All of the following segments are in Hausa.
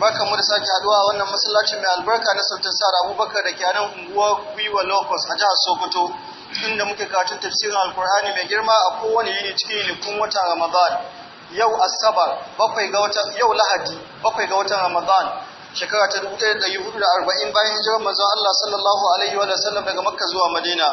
baka mu da sake haduwa a wannan masallacin mai albarka na sautin sara abubakar da kyanan nan unguwar gwiwa locus a jihar sokoto inda muke karatun tafsirin alkur'ani mai girma a kowane yini cikin yinikun watan ramadan yau asabar bakwai ga watan yau lahadi bakwai ga watan ramadan shekara ta dubu da da arba'in bayan hijirar manzon Allah sallallahu alaihi wa sallam daga makka zuwa madina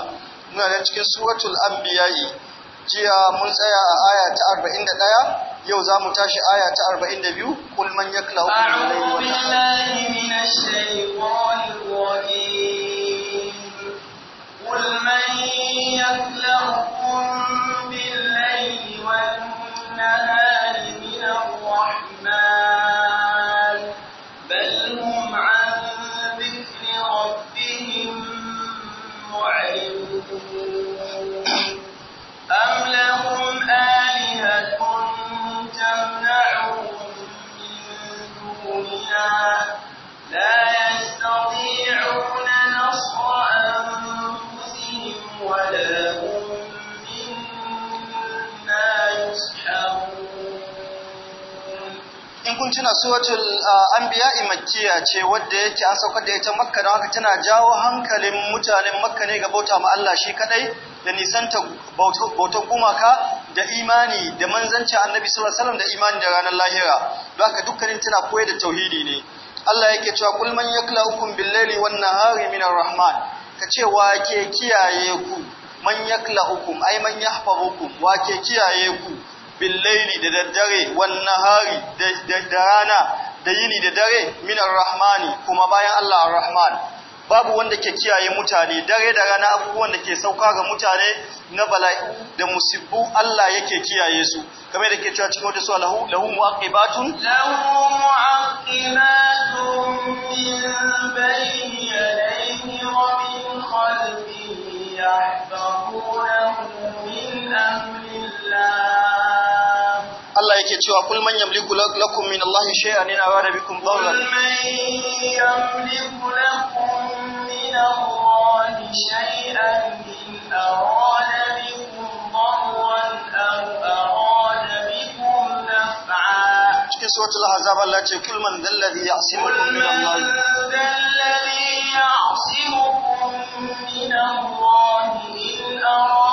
muna nan cikin suratul anbiya'i jiya mun tsaya a aya ta 41 yau za mu tashi aya ta 42 kul man yaklahu billahi minash shaytanir rajim kul man yaklahu bil layli tuna suratul ah, anbiya makkiya ce wadda yake an saukar da ita makka don haka tana jawo hankalin mutanen makka ne ga bauta ma Allah shi kadai da nisanta bautar gumaka da imani da manzancin annabi sallallahu alaihi wasallam da imani da ranar lahira don haka dukkanin tana koyar da tauhidi ne Allah yake cewa kul man yaklaukum bil-laili wan-nahari min rahman ka ce wa ke kiyaye ku man yaklaukum ai man yahfazukum wa ke kiyaye ku bil-laili da daddare wan-nahari da rana da yini da dare min rahmani kuma bayan Allah arrahman rahman babu wanda ke kiyaye mutane dare da rana abubuwan da ke sauka ga mutane na bala'i da musibbu Allah yake kiyaye su kamar da ke cewa cikin wata suwa lahu lahu mu'aqibatun lahu mu'aqibatun min bayni yadayhi wa min khalfihi yahfazunahu min amrillah Allah yake cewa kul man yamliku lakum min Allah shay'an in arada bikum dharran kul man yamliku lakum min Allah shay'an in arada bikum dharran aw arada bikum naf'a cikin suratul ahzab Allah ce kul man dhal ladhi ya'simukum min Allah dhal ladhi ya'simukum min Allah in arada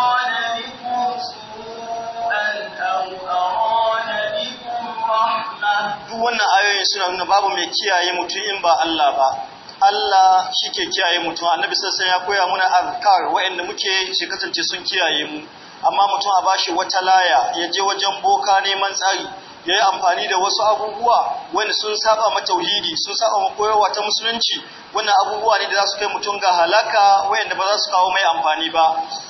duk wannan ayoyin suna nuna babu mai kiyaye mutum in ba Allah ba Allah shi ke kiyaye mutum annabi sassan ya koya muna azkar wa'inda muke shi kasance sun kiyaye mu amma mutum a bashi wata laya ya je wajen boka neman tsari ya yi amfani da wasu abubuwa wani sun saba matauhidi, sun saba ta musulunci wannan abubuwa ne da za su kai mutum ga halaka wayanda ba za su kawo mai amfani ba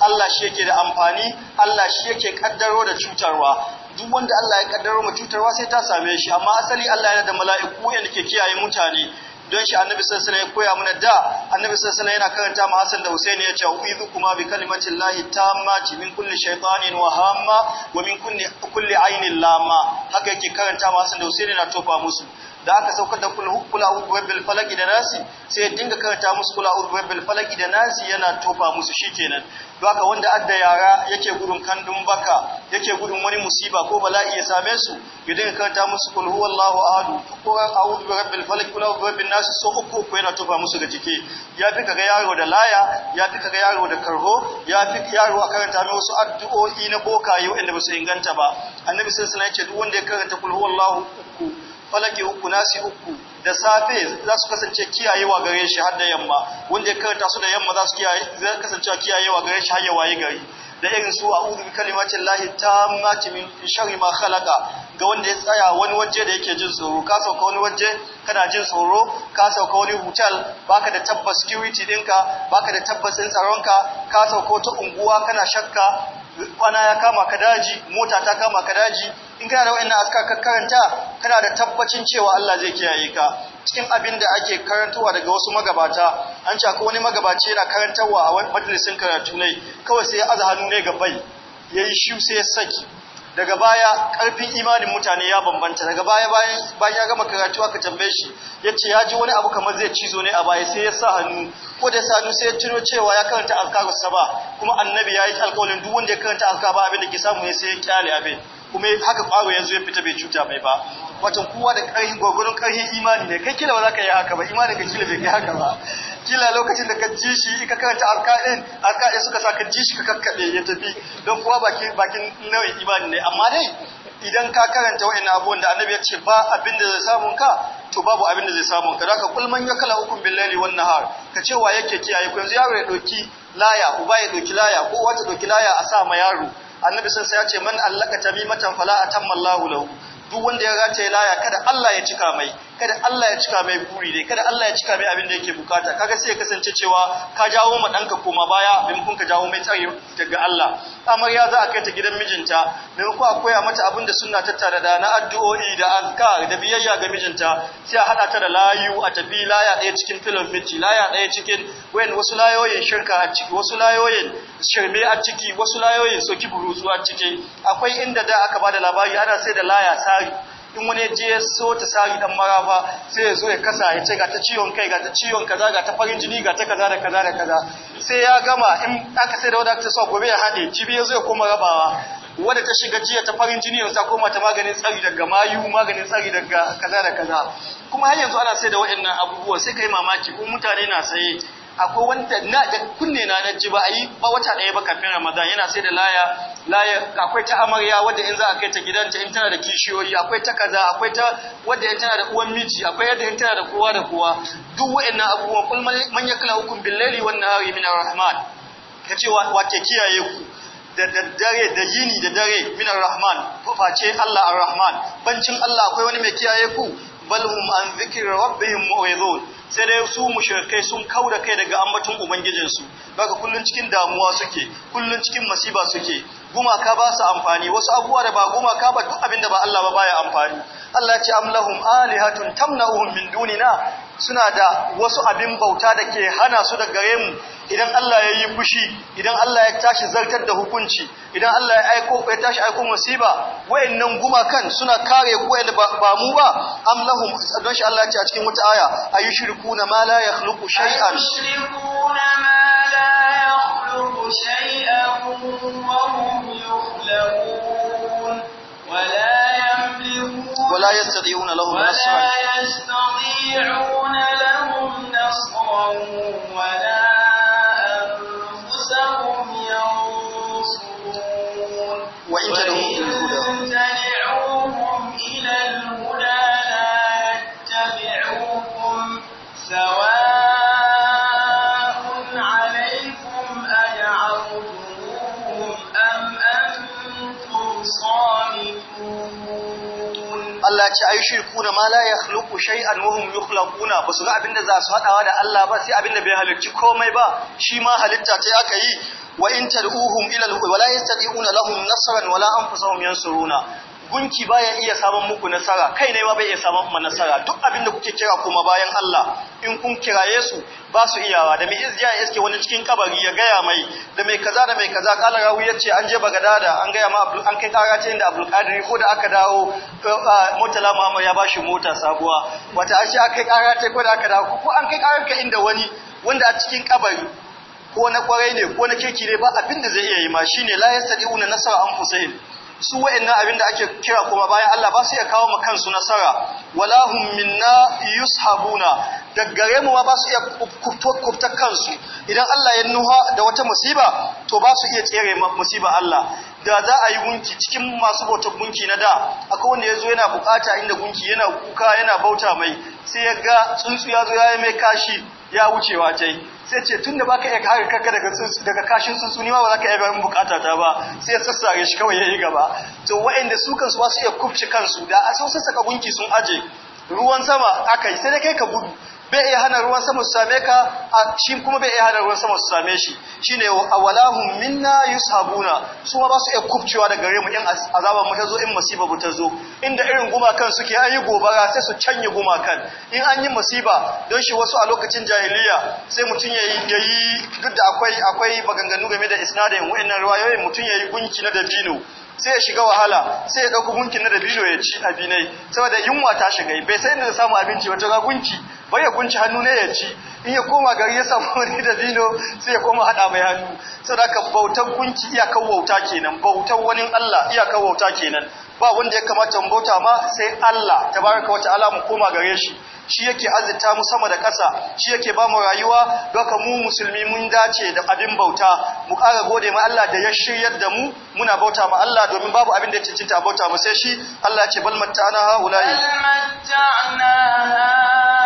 Allah shi yake da amfani Allah shi yake kaddaro da cutarwa duk wanda Allah ya kaddaro mu cutarwa sai ta same shi amma asali Allah yana da mala'iku da ke kiyaye mutane don shi annabi sallallahu alaihi wasallam ya koya mana da annabi sallallahu alaihi yana karanta ma Hassan da Husaini ya ce uizu kuma bi kalimatin lahi tammati min kulli shaytanin wa hamma wa min kulli kulli ainin lama haka yake karanta ma Hassan da Husaini na tofa musu da aka saukar da kula urbil falaki da nasi sai dinga karanta musu kula urbil falaki da nasi yana tofa musu shikenan don haka wanda adda yara yake gudun kandun baka yake gudun wani musiba ko bala'i ya same su ya dinga karanta musu kul huwallahu ahad kula a'udhu birabbil falaq kula a'udhu birabbin nas so uku ko yana tofa musu ga jiki ya fi kaga yaro da laya ya fi kaga yaro da karho ya fi yaro a karanta mai wasu addu'o'i na bokaye wanda ba su inganta ba annabi sallallahu alaihi wasallam ya duk wanda ya karanta kul huwallahu falaki uku nasi uku da safe za su kasance kiyayewa gare shi har da yamma wanda ya karanta su da yamma za su kasance kiyayewa gare shi har ya waye gari da irin su a'udhu bi kalimatin lahi tammati min sharri ma khalaqa ga wanda ya tsaya wani waje da yake jin tsoro ka sauka wani waje kana jin tsoro ka sauka wani hotel baka da tabbas security dinka baka da tabbacin tsaronka ka sauka wata unguwa kana shakka kwana ya kama ka daji mota ta kama ka daji in kana da wayannan askar ka karanta kana da tabbacin cewa Allah zai kiyaye ka cikin abin da ake karantawa daga wasu magabata an ce akwai wani magabaci yana karantawa a majalisin karatu ne kawai sai ya aza hannu ne ga bai yayi shiu sai ya saki daga baya karfin imanin mutane ya bambanta daga baya bayan bayan ya gama karatu aka tambaye shi yace ya ji wani abu kamar zai cizo ne a baya sai ya sa hannu ko da ya sa hannu sai ya tuno cewa ya karanta azkarus saba kuma annabi ya yi alƙawarin duk wanda ya karanta azkar ba abin da ke samu ne sai ya kyale abin kuma haka kwaro ya zo ya fita bai cuta mai ba wato kowa da karfin gwagwarin ƙarfin imani ne kai kila ba za ka yi haka ba imani ka kila bai kai haka ba kila lokacin da ka ji shi ka karanta arka'in arka'in suka sa ka ji shi ka kakkabe ya tafi don kuwa bakin bakin nau'in imani ne amma dai idan ka karanta wa'in abubuwan da annabi ya ce ba abin da zai samu ka to babu abin da zai samun ka Da ka kulman ya kala hukun billahi wan nahar ka ce wa yake kiyaye ku yanzu yaro ya doki laya uba ya doki laya ko wata doki laya a sa ma yaro annabi sun sai ya ce man allaka tamimatan fala atamma Allahu lahu duk wanda ya rataye laya kada Allah ya cika mai kada Allah ya cika mai buri ne kada Allah ya cika mai abin da yake bukata kaga sai ya kasance cewa ka jawo ma danka koma baya maimakon ka jawo mai tsari daga Allah amarya za a kai ta gidan mijinta maimakon a mata abin da suna tattara da na addu'o'i da azkar da biyayya ga mijinta sai a hada ta da layu a tafi laya ɗaya cikin filin miji laya ɗaya cikin wayan wasu layoyin shirka a ciki wasu layoyin shirme a ciki wasu layoyin soki buru a ciki akwai inda da aka bada labari ana sai da laya sari in wani je ya so ta sari dan maraba sai ya zo ya kasa ya ce ga ta ciwon kai ga ta ciwon kaza ga ta farin jini ga ta kaza da kaza da kaza sai ya gama in aka sai da wadda ta sa gobe ya hade jibi ya zo ya koma rabawa wadda ta shiga jiya ta farin jini yanzu ta koma ta maganin tsari daga mayu maganin tsari daga kaza da kaza kuma har yanzu ana sai da waɗannan abubuwa sai kai mamaki ko mutane na saye akwai wanda na da kunne na na ji ba ayi ba wata daya ba kafin Ramadan yana sai da laya laya akwai ta amarya wanda in za a kai ta gidanta in tana da kishiyoyi akwai ta kaza akwai ta wanda in tana da uwan miji akwai yadda in tana da kowa da kowa duk wa'annan abubuwan kul man yakla hukum bil laili wan nahari min ar-rahman kace wa ke kiyaye ku da daddare da yini da dare min ar-rahman face Allah ar-rahman bancin Allah akwai wani mai kiyaye ku balhum an zikri rabbihim mu'idun sai dai su mushrikai sun kauda kai daga ambaton ubangijinsu daga kullun cikin damuwa suke kullun cikin masiba suke gumaka ba su amfani wasu abubuwa da ba gumaka ba duk abinda ba Allah ba baya amfani Allah ya ce am lahum alihatun tamna'uhum min dunina suna da wasu abin bauta da ke hana su da gare mu idan Allah ya yi fushi idan Allah ya tashi zartar da hukunci idan Allah ya aiko ya tashi aiko musiba wayannan gumakan suna kare ku da ba mu ba am lahum don shi Allah ya ce a cikin wata aya ayushrikuna ma la yakhluqu shay'an ayushrikuna ma la yakhluqu shay'an ولا يستطيعون لهم نصرا ولا يستطيعون لهم نصرا ولا أنفسهم ينصرون وإن تدعوهم ce ai shirkuna ma la yakhluqu shay'an wa hum yukhlaquna ba su ga abinda za su hadawa da Allah ba sai abinda bai halicci komai ba shi ma halitta ce aka yi wa in tad'uhum ila al wala yastati'una lahum nasran wala anfusahum yansuruna gunki baya iya samun muku nasara kai ne ma bai iya samun mu nasara duk abinda kuke kira kuma bayan Allah in kun kiraye su ba su iyawa da mai izgiya ya iske wani cikin kabari ya gaya mai da mai kaza da mai kaza kala rawu ya ce an je bagadada an gaya ma an kai kara ce inda abdul ko da aka dawo mutala muhammad ya ba shi mota sabuwa wata ashe aka kai kara ce ko da aka dawo ko an kai kara ka inda wani wanda a cikin kabari ko na kwarai ne ko na kirki ne ba abin da zai iya yi ma shi shine la na nasara fusayin. su wa'annan abin da ake kira kuma bayan Allah ba su iya kawo ma kansu nasara walahum minna yushabuna daggare mu ma ba su iya kurta kansu idan Allah ya nuha da wata musiba to ba su iya tsere musiba Allah da za a yi gunki cikin masu bautar gunki na da akwai wanda ya zo yana bukata inda gunki yana kuka yana bauta mai sai ya ga tsuntsu ya zo ya yi mai kashi ya wucewa ta yi sai ce tun da baka iya kare kanka daga daga kashin tsuntsu ni ma ba za ka iya bayan bukata ta ba sai ya sassare shi kawai ya yi gaba to waɗanda su kansu ba su iya kubce kansu da a sun sassaka gunki sun aje ruwan sama aka yi sai dai kai ka gudu bai iya hana ruwan sama su same ka shi kuma bai iya hana ruwan sama su same shi shi shine walahun minna habuna su ma ba su iya kubcewa da gare mu in azabar mu ta zo in masiba mu ta zo inda irin gumakan suke an yi gobara sai su canye gumakan in an yi masiba don shi wasu a lokacin jahiliya sai mutum ya yi duk da akwai akwai maganganu game da isnadin wa'annan riwayoyin mutum ya yi gunki na dabino sai ya shiga wahala sai ya dauko gunki na dabino ya ci abinai saboda yunwa ta shiga bai sai inda samu abinci wata ga gunki bai ya gunci hannu ne ya ci in ya koma gari ya samu wani dabino sai ya koma haɗa mai hannu saboda ka bautan gunki iyakar wauta kenan bautan wani Allah iyakar wauta kenan ba wanda ya kamata mu bauta ma sai Allah tabaraka wata'ala mu koma gare shi shi yake azurta mu sama da ƙasa shi yake ba mu rayuwa doka mu musulmi mun dace da abin bauta mu ƙara gode ma Allah da ya shiryar da mu muna bauta ma Allah domin babu abin da ya cancanta bauta mu sai shi Allah ce bal matta'ana haula'i bal matta'ana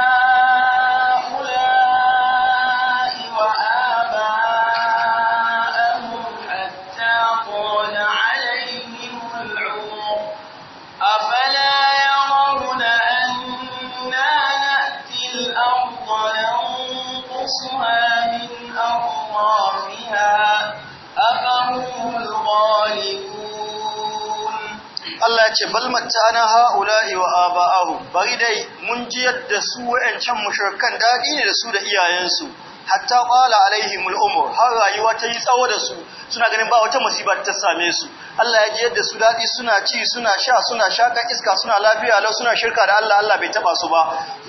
ce bal matta'ana ha'ula'i wa aba'ahu bari dai mun ji yadda su wayancan mushrikan dadi ne da su da iyayensu hatta qala alaihimul umur har rayuwa ta yi tsawo da su suna ganin ba wata musiba ta same su Allah ya ji yadda su dadi suna ci suna sha suna shaka iska suna lafiya lau suna shirka da Allah Allah bai taba su ba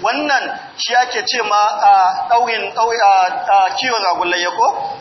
wannan shi ake ce ma a dauyin kiwon ragullayya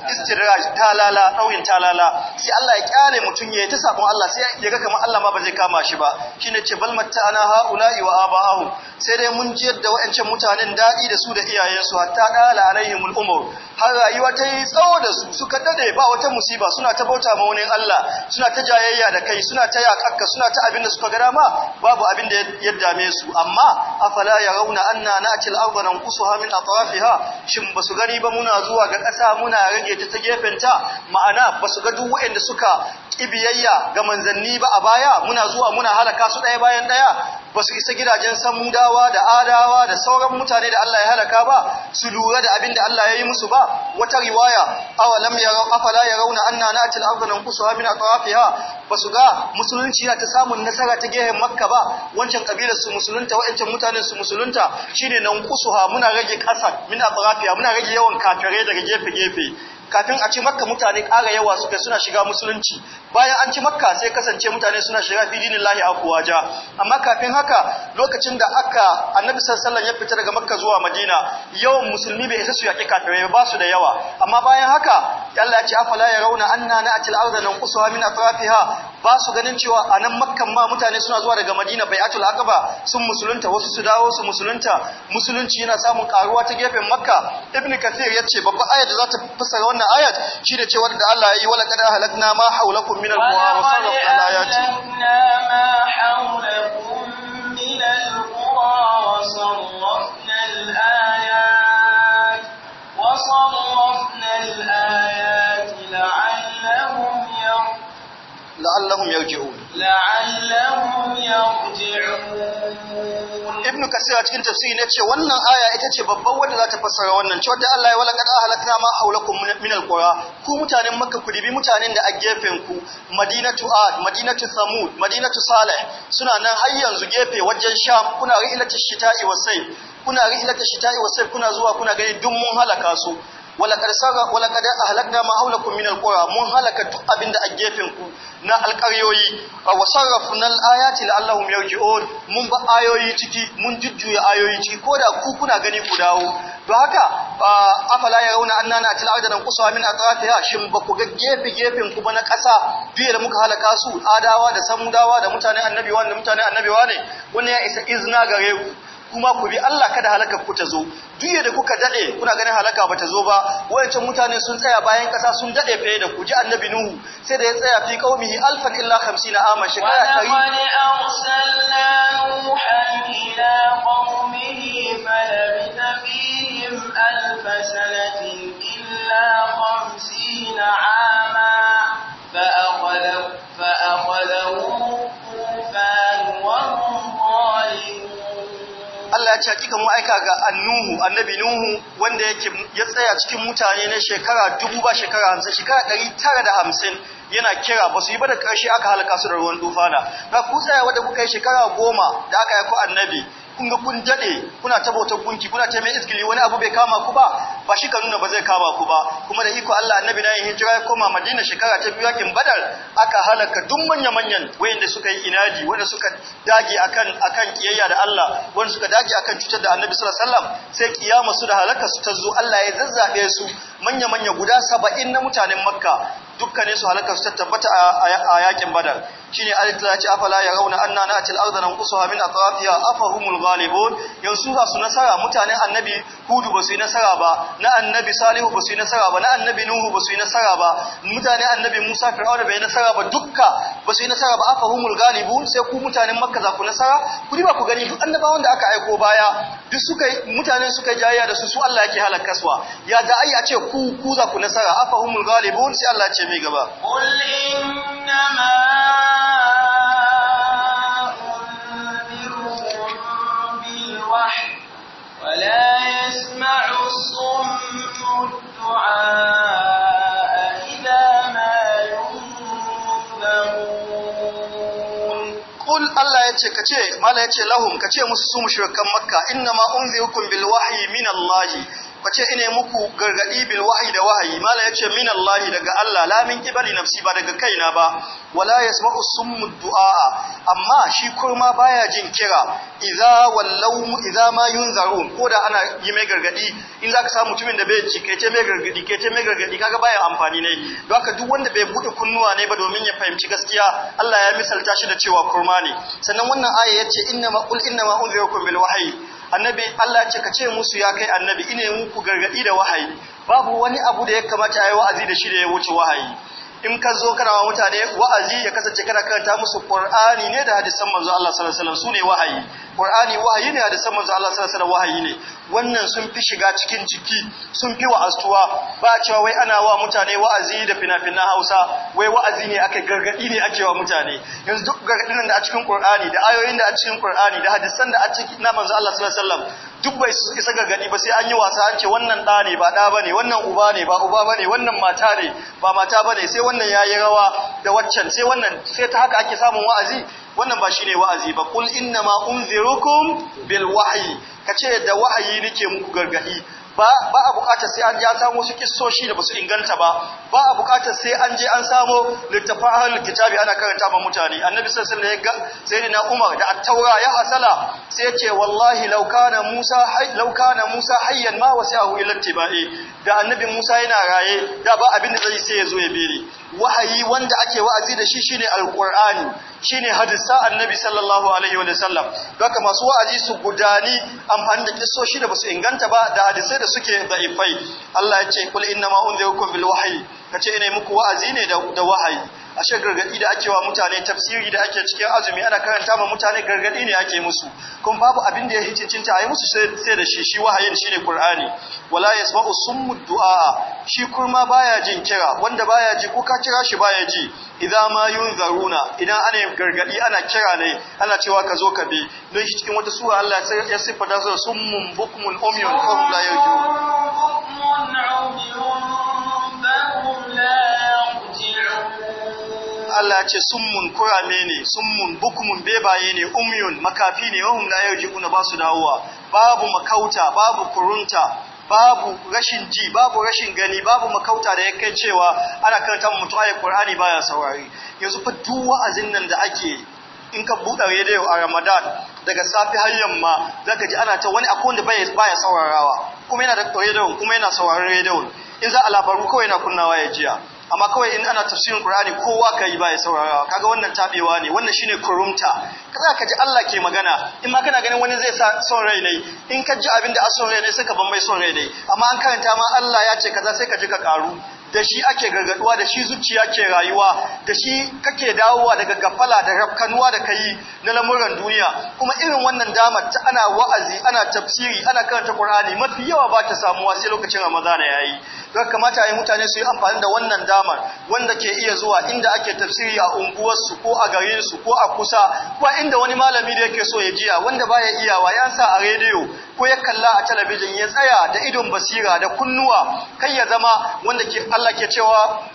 istiraj talala dauyin talala sai Allah ya kyale mutun yayi ta sabon Allah sai ya ga kamar Allah ma ba zai kama shi ba shine ce bal ana haula'i wa aba'ahum sai dai mun jiyar da wa'ancan mutanen daɗi da su da iyayensu hatta ɗala alaihim al'umur har rayuwa ta yi tsawo da su suka dade ba wata musiba suna ta bauta ma wani Allah suna ta jayayya da kai suna ta yakakka suna ta abin da suka gada ma, babu abin da ya dame su amma afala ya rauna anna na'ti al-ardha nanqusuha min atrafiha shin ba su gani ba muna zuwa ga ƙasa muna rage ta ta gefen ta ma'ana su ga duk waɗanda suka kibiyayya ga manzanni ba a baya muna zuwa muna halaka su ɗaya bayan ɗaya Basu isa gidajen samudawa da adawa da sauran mutane da Allah ya halaka ba su lura da abin da Allah ya yi musu ba wata riwaya awalam ya rau afala ya rauna anna na atil ardu nan kusuha min aqrafiha ba su ga musulunci na ta samun nasara ta gehen makka ba wancan kabilar su musulunta wancan mutanen su musulunta shine nan kusuha muna rage kasa min aqrafiha muna rage yawan kafare daga gefe gefe kafin a ci makka mutane ƙara yawa suka suna shiga musulunci bayan an ci makka sai kasance mutane suna shiga fidinin lahi a kuwaja. amma kafin haka lokacin da aka annabi sallallahu ya fita daga makka zuwa madina yawan musulmi bai isa su yaƙi kafirai ba su da yawa amma bayan haka Allah ci ce afala ya rauna an na a arda nan qusuha min atrafiha ba su ganin cewa a nan makkan ma mutane suna zuwa daga madina bai bai'atul ba sun musulunta wasu su dawo su musulunta musulunci yana samun karuwa ta gefen makka ibnu kathir ya ce babba ayat da za ta fassara wannan ayat shi da cewar da Allah ya yi wala kada halakna ma haulakum min al-qura wa sallallahu alayati ma haulakum min al-qura wa sarrafna al-ayat wa sarrafna al-ayat la'allahum yarji'un la'allahum yarji'un ibn kasir a cikin tafsiri ne ce wannan aya ita ce babban wanda za ta fassara wannan ce wanda Allah ya walakata halaka ma haulakum min alqura ku mutanen makka ku dibi mutanen da a gefen ku madinatu ad madinatu samud madinatu Saleh suna nan har yanzu gefe wajen sha. kuna ri'ilatu shita'i wasai kuna shita'i wasai kuna zuwa kuna gani duk mun halaka su walakada saga ahlakna ma hawlakum min alqura mun halaka duk abinda a gefen ku na alƙaryoyi wa sarrafna alayati la'allahum yarji'un mun ba ayoyi ciki mun jujjuya ayoyi ciki koda ku kuna gani ku dawo don haka afala yarawna anna na'til arda nanqusuha min atrafiha shin ba ku ga gefe gefen ku ba na ƙasa biye da muka halaka su adawa da samudawa da mutane annabi wanda mutane annabi ne wannan ya isa izna gare ku kuma ku bi Allah kada halaka ku ta zo duye da kuka dade kuna ganin halaka ba ta zo ba wayancan mutane sun tsaya bayan kasa sun dade fiye da ku ji annabi nuhu sai da ya tsaya fi qaumihi alfan illa 50 aman shekara 100 wa arsalna nuhan ila qaumihi falabitha fihim alf sanatin illa 50 aman ya ce hakika mu aika ga annuhu annabi nuhu wanda yake ya tsaya cikin mutane na shekara dubu ba shekara hamsin shekara ɗari tara da hamsin yana kira ba su yi ba da ƙarshe aka halaka su da ruwan dufana ga ku tsaya wadda kuka yi shekara goma da aka haiku annabi Kunga kun dade kuna ta bautar gunki kuna ta mai iskili wani abu bai kama ku ba ba shi ka nuna ba zai kama ku ba kuma da iko Allah annabi na yin hijira ya koma Madina shekara ta biyu yakin Badar aka halaka duk manya manyan wayanda suka yi inadi wanda suka dage akan akan kiyayya da Allah wanda suka dage akan cutar da annabi sallallahu alaihi wasallam sai kiyama su da halaka su ta zo Allah ya zazzabe su manya manya guda 70 na mutanen Makka dukkanin su halaka su ta tabbata a yakin Badar shine alif ta afala ya rauna anna na atil arda nan kusuha min atrafiha afahumul ghalibun yanzu ha su nasara mutanen annabi hudu ba su yi nasara ba na annabi salihu ba su yi nasara ba na annabi nuhu ba su yi nasara ba mutanen annabi musa fir'auna bai nasara ba dukka ba su yi nasara ba afahumul ghalibun sai ku mutanen makka za ku nasara ku ba ku gani duk annabawan da aka aiko baya duk suka mutanen suka jayya da su su Allah yake halaka suwa ya da ai a ce ku ku za ku nasara afahumul ghalibun sai Allah ce mai gaba qul innama ولا يسمع الصم الدعاء إذا ما ينذرون قل الله yace kace mala yace lahum kace musu su mushrikan makka inna ma unzirukum bil wahyi min Allah face ina muku gargadi bil wahyi da wahayi mala yace min Allah daga Allah la min kibali nafsi ba daga kaina ba wala yasma'u summu du'a amma shi kurma baya jin kira idza wallau idza ma yunzarun da ana yi mai gargadi in zaka samu mutumin da bai ci kai ce mai gargadi kai ce mai gargadi kaga baya amfani ne don haka duk wanda bai bude kunnuwa ne ba domin ya fahimci gaskiya Allah ya misalta shi da cewa kurma ne sannan wannan aya yace inna ma qul inna ma unzirukum bil wahyi annabi Allah ce ka ce musu ya kai annabi ine muku gargadi da wahayi babu wani abu da ya kamata ayi wa'azi da shi da ya wuce wahayi in ka zo kana wa mutane wa'azi ya kasance kana karanta musu Qur'ani ne da hadisan manzo Allah sallallahu alaihi wasallam sune wahayi Qur'ani wahayi ne da samun Allah sallallahu alaihi wahayi ne wannan sun fi shiga cikin jiki sun fi wa'astuwa ba cewa wai ana wa mutane wa'azi da fina fina Hausa wai wa'azi ne ake gargadi ne ake wa mutane yanzu duk gargadin da a cikin Qur'ani da ayoyin da a cikin Qur'ani da hadisan da a cikin na manzo Allah sallallahu alaihi wasallam duk bai su isa gargadi ba sai an yi wasa an ce wannan ɗa ne ba ɗa ba ne wannan uba ne ba uba ba ne wannan mata ne ba mata ba ne sai wannan ya yi rawa da waccan sai wannan sai ta haka ake samun wa'azi wannan ba shine wa'azi ba kul inna ma unzirukum bil Ka kace da wa'ayi nake muku gargadi ba a bukatar sai an je an samu wasu kissoshi da basu inganta ba ba a bukatar sai an je an samu littafin ahlul kitabi ana karanta ma mutane annabi sallallahu alaihi wasallam sai na umar da attaura taura ya hasala sai yace ce wallahi lauka na musa hay law kana musa hayyan ma tibai da annabi musa yana raye da ba abin da zai sai ya zo ya bere wahayi wanda ake wa'azi da shi shine alqur'ani shine hadisa annabi sallallahu alaihi wa sallam haka masu wa'azi su gudani amfani da kissoshi da basu inganta ba da hadisai da suke da'ifai Allah ya ce kul inna ma unzirukum bil wahyi kace ina muku wa'azi ne da wahayi ashe gargadi da ake wa mutane tafsiri da ake cikin azumi ana karanta ma mutane gargadi ne ake musu kuma babu abin da ya hicincinta a yi musu sai da shi shi wahayin shine qur'ani wala yasma'u summu du'a shi kurma baya jin kira wanda baya ji ko ka kira shi baya ji idan ma yunzaruna idan ana gargadi ana kira ne ana cewa ka zo ka bi don shi cikin wata sura Allah sai ya sifata su summun bukmun umyun fahum la Allah ce summun kurame ne summun bukumun bebaye ne umyun makafi ne wahum la yaju ba basu dawowa babu makauta babu kurunta babu rashin ji babu rashin gani babu makauta da yake cewa ana karanta mutum ayi Qur'ani baya saurari yanzu fa duk wa'azin nan da ake in ka buɗe rediyo a Ramadan daga safi har yamma zaka ji ana ta wani akwai wanda baya baya saurarawa kuma yana da rediyo kuma yana sauraron rediyo in za a labaru kawai yana kunnawa ya jiya amma kawai in ana tafsirin Qur'ani kowa ka yi baya saurawa kaga wannan tabewa ne wannan shine kurumta kaza ka ji Allah ke magana in ma kana ganin wani zai sa son rai ne in ka ji abinda da a rai ne sai ka bambai mai son rai ne amma an karanta ma Allah ya ce kaza sai ka ji ka karu da shi ake gargaduwa da shi zuciya ke rayuwa da shi kake dawowa daga gafala da rafkanuwa da kai na lamuran duniya kuma irin wannan damar ta ana wa'azi ana tafsiri ana karanta Qur'ani mafi yawa ba ta samuwa sai lokacin Ramadan yayi don kamata ai mutane su yi amfani da wannan damar wanda ke iya zuwa inda ake tafsiri a unguwar su ko a garin su ko a kusa ko inda wani malami da yake so ya jiya wanda baya iyawa ya sa a rediyo ko ya kalla a talabijin ya tsaya da idon basira da kunnuwa kai ya zama wanda ke Allah Allah ke cewa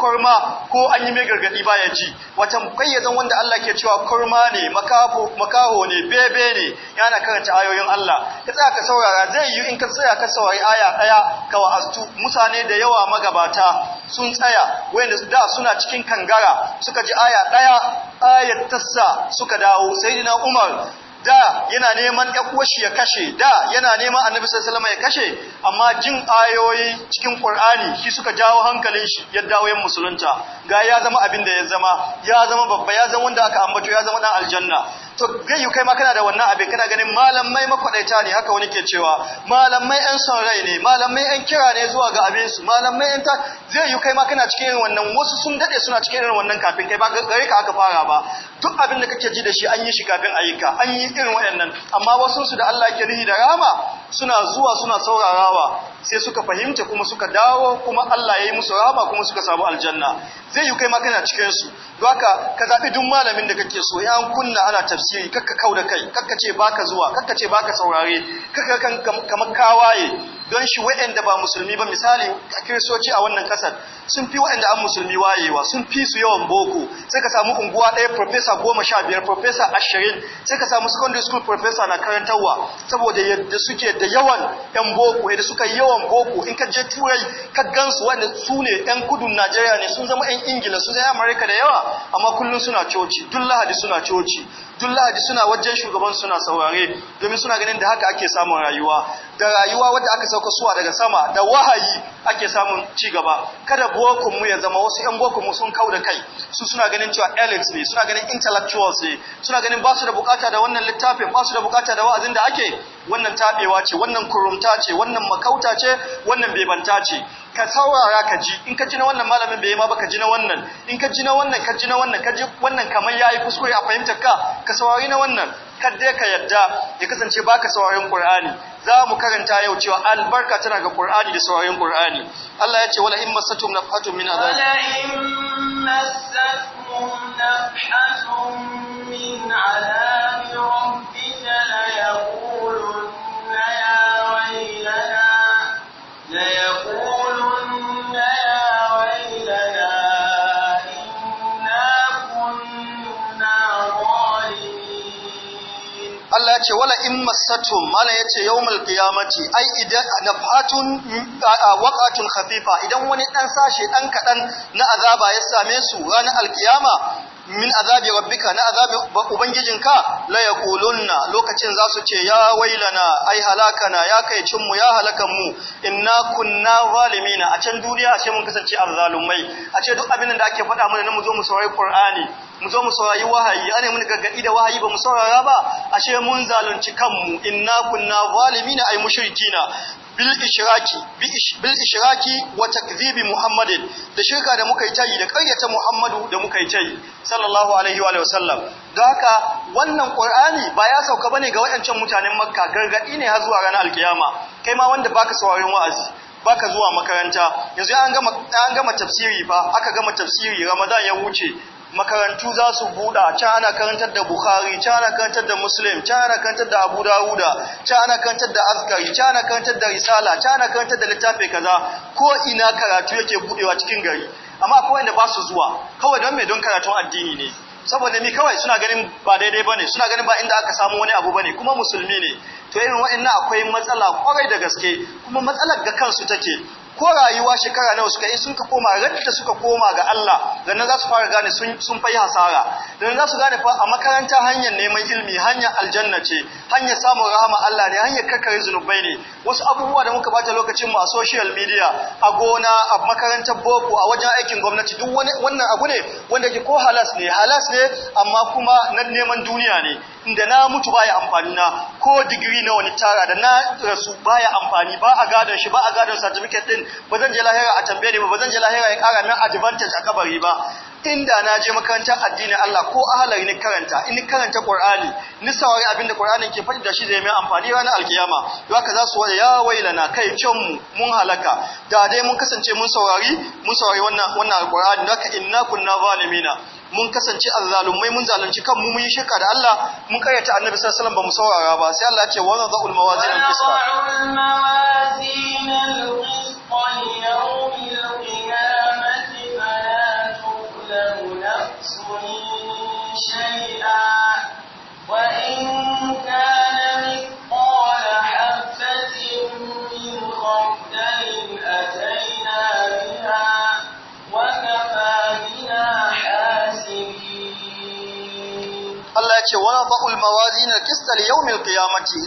kurma ko an yi mai gargadi baya ji wata mukayyazan wanda Allah ke cewa kurma ne makaho ne bebe ne yana karanta ayoyin Allah ka tsaya ka saurara zai yi in ka tsaya ka saurari aya daya ka wa'astu mutane da yawa magabata sun tsaya wanda da suna cikin kangara suka ji aya daya ayat tassa suka dawo sayyidina Umar da yana neman shi ya kashe da yana neman annabi sallallahu alaihi ya kashe amma jin ayoyi cikin qur'ani shi suka jawo hankalin shi ya dawo yin musulunta ga ya zama abin da ya zama ya zama babba ya zama wanda aka ambato ya zama ɗan aljanna to zai yi kai ma kana da wannan abin kana ganin malamai makwadaita ne haka wani ke cewa malamai ɗan son rai ne malamai ɗan kira ne zuwa ga abin su malamai ɗan ta zai yi kai ma kana cikin irin wannan wasu sun dade suna cikin irin wannan kafin kai ba gari ka aka fara ba duk abin da kake ji da shi an yi shi kafin ayyuka an yi irin waɗannan amma wasu su da Allah yake nihi da rama suna zuwa suna saurarawa sai suka fahimta kuma suka dawo kuma Allah ya yi musu rahama kuma suka samu aljanna zai yi kai makana cikin su haka ka zaɓi duk malamin da kake so ya kunna ana tafsiri kakka kau da kai kakka ce baka zuwa kakka ce baka saurare kakka kan kamar kawaye don shi waɗanda ba musulmi ba misali kiristoci a wannan kasar sun fi waɗanda an musulmi wayewa sun fi su yawan boko sai ka samu unguwa ɗaya profesa goma sha biyar profesa ashirin sai ka samu secondary school profesa na karantarwa saboda yadda suke da yawan yan boko yadda suka yi yawan boko in ka je turai ka gansu wanda su ne yan kudun najeriya ne sun zama yan ingila sun zama amurka da yawa amma kullum suna coci duk lahadi suna coci duk lahadi suna wajen shugaban suna saurare domin suna ganin da haka ake samun rayuwa da rayuwa wadda aka sauka suwa daga sama da wahayi ake samun ci gaba kada bokun mu ya zama wasu yan bokun mu sun kau da kai su suna ganin cewa elites ne suna ganin intellectuals ne suna ganin ba su da bukata da wannan littafin ba su da bukata da wa'azin da ake wannan tabewa ce wannan kurumta ce wannan makauta ce wannan bebanta ce ka saurara ka ji in ka ji na wannan malamin bai yi ma ba ka ji na wannan in ka ji na wannan ka ji na wannan ka ji wannan kamar ya yi kuskure a fahimtar ka ka saurari na wannan kar dai ka yadda ya kasance baka sauraron Qur'ani za mu karanta yau cewa albarka tana ga Qur'ani da sauraron Qur'ani Allah ya ce wala in masatum nafatun min azab wala in masatum nafatun min azab Allah ce wala in massatum mala yace yawmal qiyamati ai idan nafatun waqatun khafifa idan wani dan sashe dan kadan na azaba ya same su ranar alkiyama min azabi rabbika na azabin ubangijinka la yaqulunna lokacin za su ce ya wailana ai halakana ya kai cin mu ya halakan mu inna kunna zalimina a can duniya ashe mun kasance azzalumai a ce duk abin da ake faɗa mana na mu zo mu saurari qur'ani mu zo mu saurari wahayi ane mun gaggadi da wahayi ba mu saurara ba ashe mun zalunci kanmu inna kunna zalimina ay mushrikina bil ishraki bil ishraki wa takdhibi muhammadin da shirka da muka yi tayi da ƙaryata muhammadu da muka yi tayi sallallahu alaihi wa sallam don haka wannan qur'ani ba ya sauka bane ga waɗancan mutanen makka gargadi ne har zuwa ranar alkiyama kai ma wanda baka sauraron wa'azi baka zuwa makaranta yanzu an gama an gama tafsiri fa aka gama tafsiri Ramadan ya wuce makarantu za su buɗa can ana karantar da bukhari can ana karantar da muslim can ana karantar da abu dawuda can ana karantar da azkari can ana karantar da risala can ana karantar da littafi kaza ko ina karatu yake buɗewa cikin gari amma akwai wanda ba su zuwa kawai don me don karatun addini ne saboda ni kawai suna ganin ba daidai bane suna ganin ba inda aka samu wani abu bane kuma musulmi ne to irin wa'annan akwai matsala kwarai da gaske kuma matsalar ga kansu take ko rayuwa shekara nawa suka yi sun ka koma radda suka koma ga Allah dan za su fara gane sun sun fayi hasara dan za su gane fa a makaranta hanyar neman ilimi hanyar aljanna ce hanyar samun rahama Allah ne hanyar kakkare zunubai ne wasu abubuwa da muka bata lokacin mu a social media a gona a makarantar boko a wajen aikin gwamnati duk wannan abu ne wanda ke ko halas ne halas ne amma kuma na neman duniya ne da na mutu baya amfani na ko digiri na wani tara da na rasu baya amfani ba a gadon shi ba a gadon certificate din ba zan je lahira a tambaye ni ba zan je lahira ya kara min advantage a kabari ba inda na je makarantar addinin Allah ko ahalari ni karanta in ni karanta Qur'ani ni sawari abinda Qur'ani ke faɗi da shi zai mai amfani ranar alkiyama to haka za su waya ya wailana kai cin mu mun halaka da dai mun kasance mun saurari mun saurari wannan wannan Qur'ani haka inna kunna zalimina mun kasance azzalumai mun zalunci kanmu mun yi shirka da Allah mun karyata annabi sallallahu alaihi wasallam bamu saurara ba sai Allah ya ce wanda za'ul mawazin al-qisqa ce wa nadaul mawazin alqist li yawm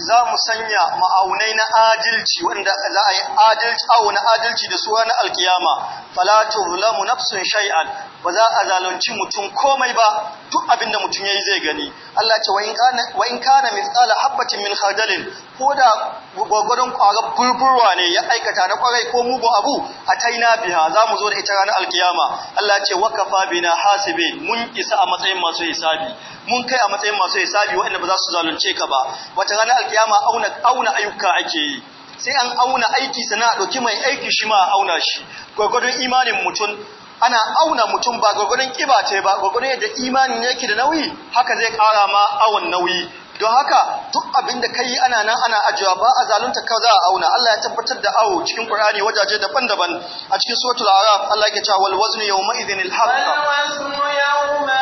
za mu sanya ma'aunai na adalci wanda za a yi adalci na adalci da su ranar alkiyama fala tuzlamu nafsun shay'an ba za a zalunci mutum komai ba duk abinda mutum yayi zai gani Allah ce wa in kana mithqala habatin min khardalin ko da gogoron kwarar burburwa ne ya aikata na kwarai ko mugo abu a taina biha za mu zo da ita ranar alkiyama Allah ce wakafa bina hasibin mun isa a matsayin masu hisabi mun kai a matsayin masu hisabi waɗanda ba za su zalunce ka ba wata ranar alkiyama auna auna ayyuka ake yi sai an auna aiki sana'a doki ɗauki mai aiki shi ma a auna shi gogoron imanin mutum ana auna mutum ba gwagwarin kiba ce ba gwagwarin yadda imanin yake da nauyi haka zai kara ma awon nauyi don haka duk abin da ka yi ana nan ana ajiyewa ba a zalunta ka za a auna Allah ya tabbatar da awo cikin Qur'ani wajaje daban-daban a cikin suratul Araf Allah ya cewa wal waznu yawma idhinil haqq wal waznu yawma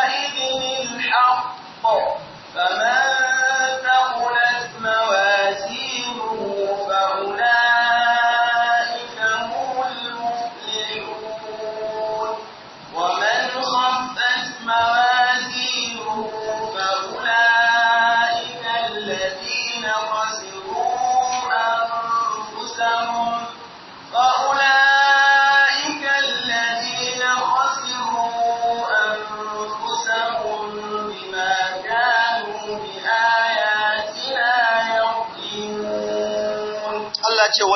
haqq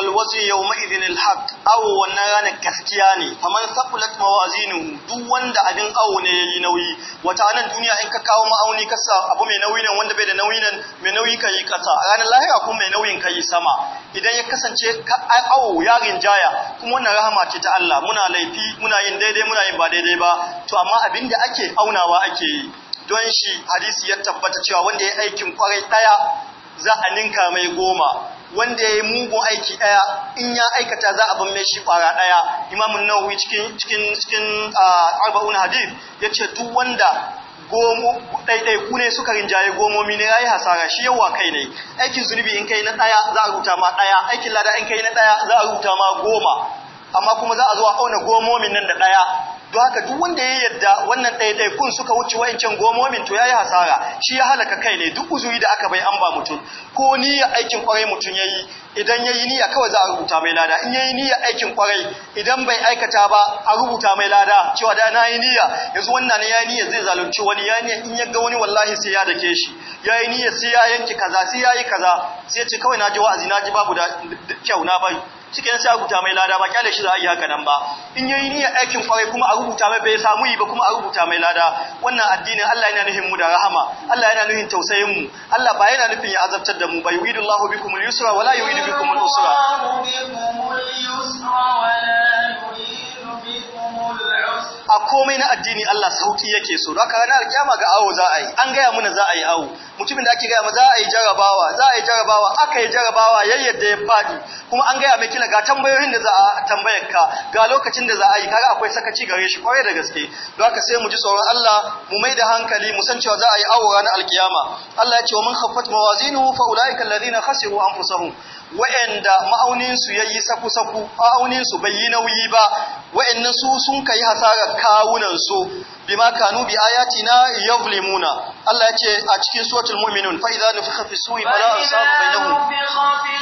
wal wazn yawma idhin al haqq aw wannan ranar gaskiya ne faman saqulat mawazinu duk wanda abin awo ne yayi nauyi wata nan duniya in ka kawo ma'auni ka sa abu mai nauyi nan wanda bai da nauyi nan mai nauyi kai kasa ranar lahira kuma mai nauyin kai sama idan ya kasance ka awo ya rinjaya kuma wannan rahama ce ta Allah muna laifi muna yin daidai muna yin ba daidai ba to amma abin da ake aunawa ake yi don shi hadisi ya tabbata cewa wanda ya aikin kwarai daya za a ninka mai goma wanda ya yi mugun aiki ɗaya in ya aikata za a ban shi kwara daya imamu Nawawi cikin cikin cikin ya hadith ce duk wanda gomo ɗaiɗai ku ne suka rinjaye gomomi ne yayi hasara shi yawa kai ne aikin zunubi in kai na daya za a rubuta ma ɗaya. aikin lada in kai na daya za a rubuta ma goma amma kuma za a zo a auna gomomin nan da ɗaya. don haka duk wanda ya yarda wannan kun suka wuce wa'incan gomomin to ya yi hasara shi ya halaka kai ne duk uzuri da aka bai an ba mutum ko niyyar aikin kwarai mutum ya yi idan ya yi niyya kawai za a rubuta mai lada in ya yi niyya aikin kwarai idan bai aikata ba a rubuta mai lada cewa da na yi niyya yanzu wannan ya yi niyya zai zalunci wani ya niyya in ya ga wani wallahi sai ya dake shi ya yi niyya sai ya yanki kaza sai ya yi kaza sai ya ce kawai na ji wa'azi na ji babu da kyau na bari cikin sai a rubuta mai lada ba kyale shi za a yi haka nan ba in yayi niyyar aikin kwarai kuma a rubuta mai bai samu yi ba kuma a rubuta mai lada wannan addinin Allah yana nuhin mu da rahama Allah yana nuhin tausayin mu Allah ba yana nufin ya azabtar da mu ba yuridullahu bikumul yusra wala yuridu bikumul usra a komai na addini Allah sauki yake so haka ranar alkiyama ga awo za a yi an gaya muna za a yi awo mutumin da ake gaya za a yi jarabawa za a yi jarabawa aka yi jarabawa yayyada ya fadi kuma an gaya mai kila ga tambayoyin da za a tambayar ka ga lokacin da za a yi kaga akwai sakaci gare shi kwarai da gaske don haka sai mu ji tsoron Allah mu mai da hankali mu san cewa za a yi awo ranar alkiyama Allah ya ce wa man khaffat mawazinuhu fa ulaika alladhina khasiru anfusahum wa'anda ma'auninsu ya yi saku-saku ma'auninsu bai yi nauyi ba wa'annan su sun kai hasarar kawunansu bima kanu bi yau yuzlimuna Allah ya ce a cikin suratul mu'minun fa idza nufikha fi suri fala ansabu bainahum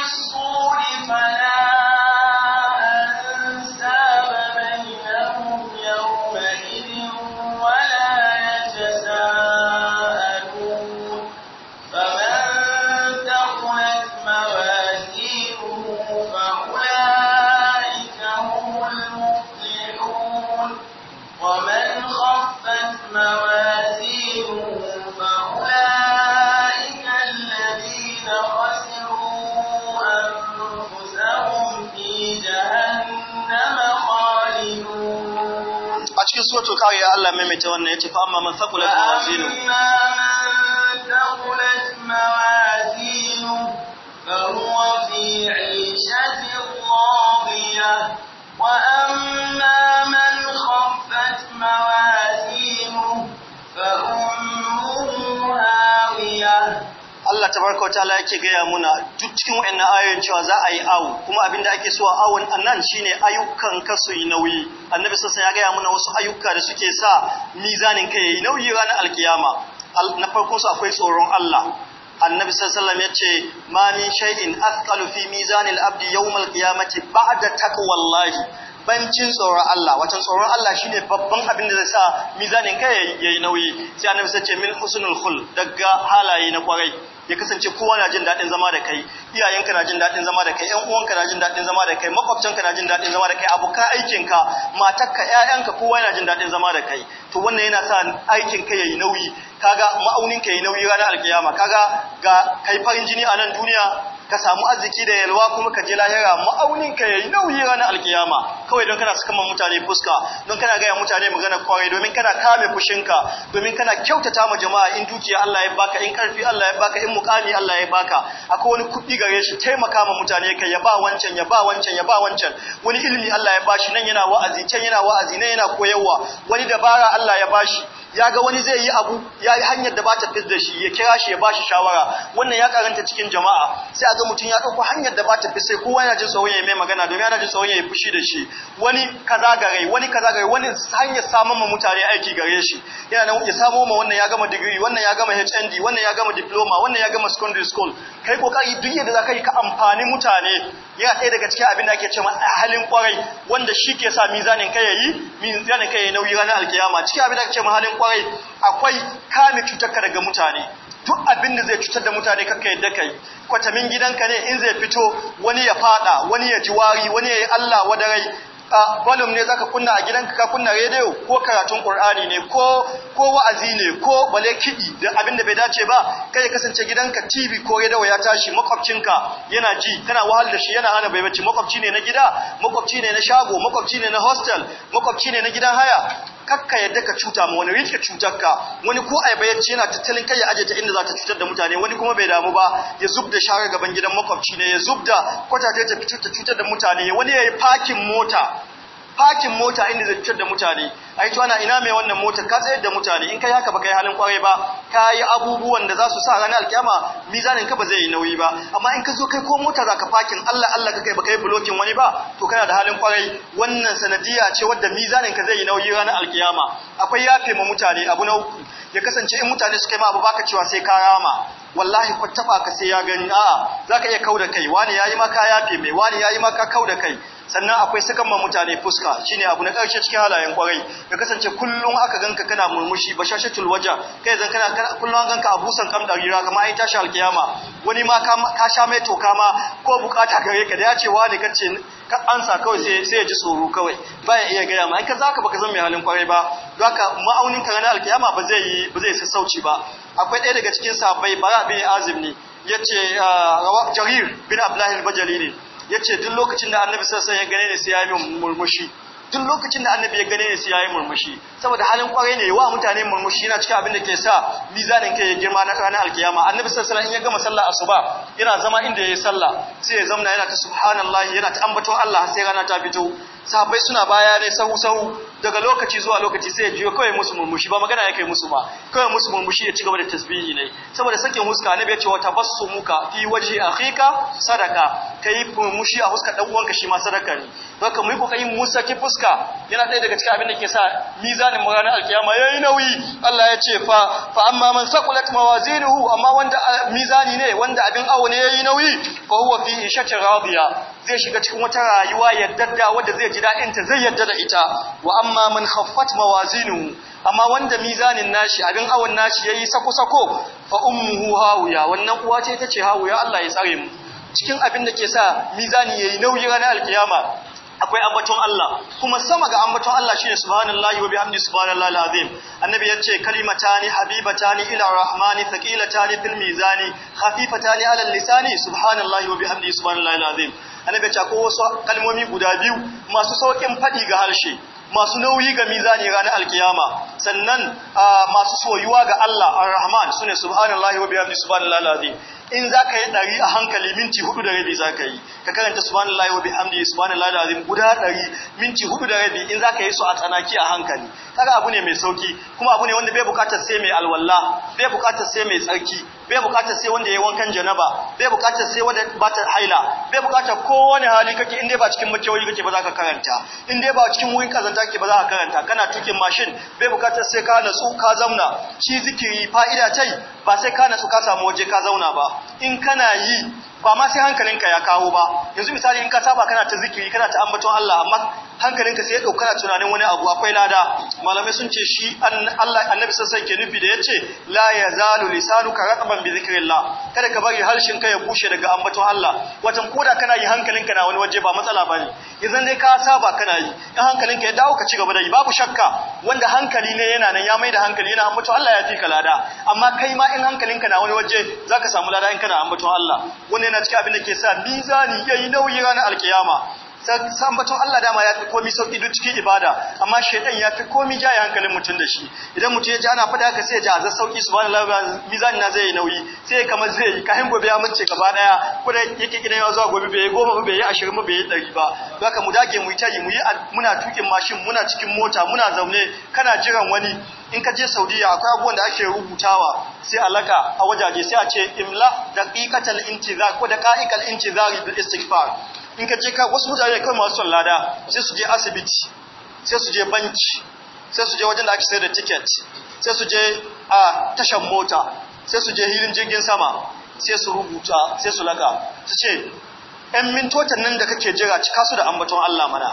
so kawai ya Allah maimaita wannan yace fa amma man saqulat mawazinu amma man saqulat mawazinu fi tabaraka wataala yake gaya muna duk cikin wayannan ayoyin cewa za a yi awu kuma abinda ake so a awun annan shine ayyukan ka yi nauyi annabi sassa ya gaya muna wasu ayyuka da suke sa mizanin ya yi nauyi ranar alkiyama na farko su akwai tsoron Allah annabi sallallahu ya ce ma min shay'in athqalu fi mizanil abdi yawmal qiyamati ba'da taqwallahi bancin tsoron Allah wata tsoron Allah shine babban abin da zai sa mizanin kai yayi nauyi sai annabi sai ce min husnul khul daga halaye na kwarai ya kasance kowa na jin daɗin zama da kai iyayenka na jin daɗin zama da kai ƴan uwanka na jin daɗin zama da kai makwabcinka na jin daɗin zama da kai abokan aikinka matarka ƴaƴanka kowa na jin daɗin zama da kai to wannan yana sa aikinka yayi nauyi kaga ma'auninka yayi nauyi ranar alkiyama kaga ga kai farin jini a nan duniya ka samu arziki da yalwa kuma ka je lahira ma'auninka yayi nauyi ranar alkiyama kawai don kana sukan mutane fuska don kana gaya mutane magana kwarai domin kana kame fushinka domin kana kyautata ma jama'a in dukiya Allah ya baka in karfi Allah ya baka in mukami Allah ya baka akwai wani kuɗi gare shi taimaka ma mutane kai ya ba wancan ya ba wancan ya ba wancan wani ilimi Allah ya bashi nan yana wa'azi can yana wa'azi nan yana koyarwa wani dabara Allah ya bashi ya ga wani zai yi abu ya yi hanyar da ba ta da shi ya kira shi ya ba shi shawara wannan ya karanta cikin jama'a sai a ga mutum ya ɗauko hanyar da ba ta sai kowa yana jin tsoron ya mai magana domin yana jin tsoron ya yi fushi da shi wani kaza gare wani kaza gare wani hanyar samun ma mutane aiki gare shi yana nan ya samo ma wannan ya gama digiri wannan ya gama HND wannan ya gama diploma wannan ya gama secondary school kai kokari duk yadda zaka yi ka amfani mutane yana ɗaya daga cikin abin da ake cewa halin kwarai wanda shi ke sa mizanin kai yayi mizanin kai yi nauyi ranar alkiyama cikin abin da ake cewa halin kwarai akwai kame cutarka daga mutane duk abin da zai cutar da mutane kakka yadda kai kwatamin gidanka ne in zai fito wani ya fada wani ya jiwari wani ya yi Allah wadarai volum ne zaka kunna a gidanka ka kunna rediyo ko karatun Qur'ani ne ko ko wa'azi ne ko bale kidi da abin da bai dace ba kai kasance gidanka TV ko rediyo ya tashi makwabcinka yana ji kana wahal da shi yana hana bai bace makwabci ne na gida makwabci ne na shago makwabci ne na hostel makwabci ne na gidan haya kakka yadda ka cuta ma wani cutar cutarka wani ko ai yace yana tattalin kai ya aje ta inda za ta cutar da mutane wani kuma bai damu ba ya zub da share gaban gidan makwabci ne ya zub da kwata ta ta fitar ta cutar da mutane wani yayi parking mota fakin mota inda zai cutar da mutane ai to ana ina mai wannan mota ka tsayar da mutane in kai haka baka yi halin kwarai ba kai abubuwan da za su sa ranar alkiyama mizanin ka ba zai yi nauyi ba amma in ka zo kai ko mota za ka fakin Allah Allah ka kai baka yi blocking wani ba to kana da halin kwarai wannan sanadiyya ce wadda mizanin ka zai yi nauyi ranar alkiyama akwai yafe ma mutane abu na uku ya kasance in mutane suka yi ma abu baka cewa sai ka rama wallahi ko taba ka sai ya gani a'a zaka iya kauda kai wani yayi maka yafe mai wani yayi maka kauda kai sannan akwai sukan ma mutane fuska ne abu na karshe cikin halayen kwarai ya kasance kullun aka ganka kana murmushi bashashatul waja kai zan kana kullun ganka abusan kam darira kama ai tashi alkiyama wani ma ka sha mai toka ma ko bukata gare ka da ya ce wani kace ka ansa kawai sai ya ji tsoro kawai Ba ya iya gaya ma ai ka zaka baka san mai halin kwarai ba don haka ma'aunin ka na alkiyama ba zai ba zai sassauci ba akwai ɗaya daga cikin sahabbai bara bin azim ne ce ah, jarir bin abdullahi bajali ne Ya ce duk lokacin da annabi sassan ya gane ne sai ya yi murmushi duk lokacin da annabi ya gane ne sai yayi murmushi saboda halin kwarai ne wa mutane murmushi yana cikin abin da ke sa mizanin kai ya girma na ranar alkiyama annabi sassan in ya gama sallah asuba yana zama inda yayi sallah sai ya zauna yana ta subhanallah yana ta ambaton Allah sai rana ta fito sahabbai suna baya ne sahu sahu daga lokaci zuwa lokaci sai ya jiyo kawai musu murmushi ba magana yake musu ba kawai musu murmushi ya ci gaba da tasbihi ne saboda sakin huska annabi ya ce wa muka fi waji akhika sadaka kai murmushi a huskar dan uwanka shi ma sadaka ne haka mu yi kokarin musa ki fuska yana ɗaya daga cikin abin da ke sa mizanin ranar alkiyama yayi nauyi Allah ya ce fa fa amma man saqulat mawazinuhu amma wanda mizani ne wanda abin awo ne yayi nauyi fa huwa fi ishatin radiya zai shiga cikin wata rayuwa yaddada wanda zai ji daɗin ta zai yadda da ita wa amma mun khaffat mawazinu amma wanda mizanin nashi abin awon nashi yayi sako-sako fa ummuhu hawiya wannan uwa ce tace hawiya Allah ya tsare mu cikin abin da ke sa mizani yayi nauyi ranar alkiyama akwai ambaton Allah kuma sama ga ambaton Allah shine subhanallahi wa bihamdi subhanallahi alazim annabi yace kalimatani habibatani ila rahmani thaqilatani fil mizani khafifatani ala lisani subhanallahi wa bihamdi subhanallahi alazim annabi yace ko wasu kalmomi guda biyu masu saukin fadi ga harshe masu nauyi ga mizani ranar alkiyama sannan ah, masu soyuwa ga Allah ar-Rahman sune subhanallahi wa bihamdihi subhanallahi alazim in za ka yi ɗari a hankali minti hudu da rabi za ka yi ka karanta subhanallahi wa bihamdihi subhanallahi alazim guda ɗari minti hudu da rabi in za ka yi su a tsanaki a hankali kaga abu ne mai sauki kuma abu ne wanda bai bukatar sai mai alwala bai bukatar sai mai tsarki bai bukatar sai wanda ya yi wankan janaba bai bukatar sai wanda ba ta haila bai bukatar kowane hali kake in dai ba cikin makewayi kake ba za ka karanta in dai ba cikin wurin kazanta kake ba za ka karanta kana tukin mashin bai bukatar sai ka natsu ka zauna shi zikiri fa'ida tai ba sai ka natsu ka samu waje ka zauna ba 因可呢？以 ba ma sai hankalinka ya kawo ba yanzu misali in ka saba kana ta zikiri kana ta ambaton Allah amma hankalinka sai ya dauka kana tunanin wani abu akwai lada malamai sun ce shi Allah annabi sai ke nufi da yace la yazalu lisanuka rataban bi zikrillah kada ka bari harshen ka ya bushe daga ambaton Allah watan koda kana yi hankalinka na wani waje ba matsala bane idan dai ka saba kana yi in hankalinka ya dawo ka ci gaba da yi babu shakka wanda hankali ne yana nan ya mai da hankali yana ambaton Allah ya fi ka lada amma kai ma in hankalinka na wani waje zaka samu lada in kana ambaton Allah wani yana cikin abin da ke sa mizani yayi nauyi ranar alkiyama batun Allah dama ya fi komi sauki duk cikin ibada amma shaidan ya fi komi jaye hankalin mutum da shi idan mutum ya ji ana fada ka sai ya ji azar sauki subhanallahi mizani na zai yi nauyi sai ya kamar zai yi kahin gobe ya mince gaba daya da yake kidan ya zuwa gobe bai goma ba bai yi ashirin ba bai yi ɗari ba don mu dage mu yi tayi mu yi muna tukin mashin muna cikin mota muna zaune kana jiran wani in ka je saudiya akwai abubuwan da ake rubutawa sai alaka a wajaje sai a ce imla daqiqatal intizar ko da qa'iqal bil istighfar in ka je ka wasu mutane kawai masu son lada sai su je asibiti sai su je banki sai su je wajen da ake sayar da tiket sai su je a tashar mota sai su je hilin jirgin sama sai su rubuta sai su laka su ce ‘yan mintotan nan da kake jira cika su da ambaton Allah mana’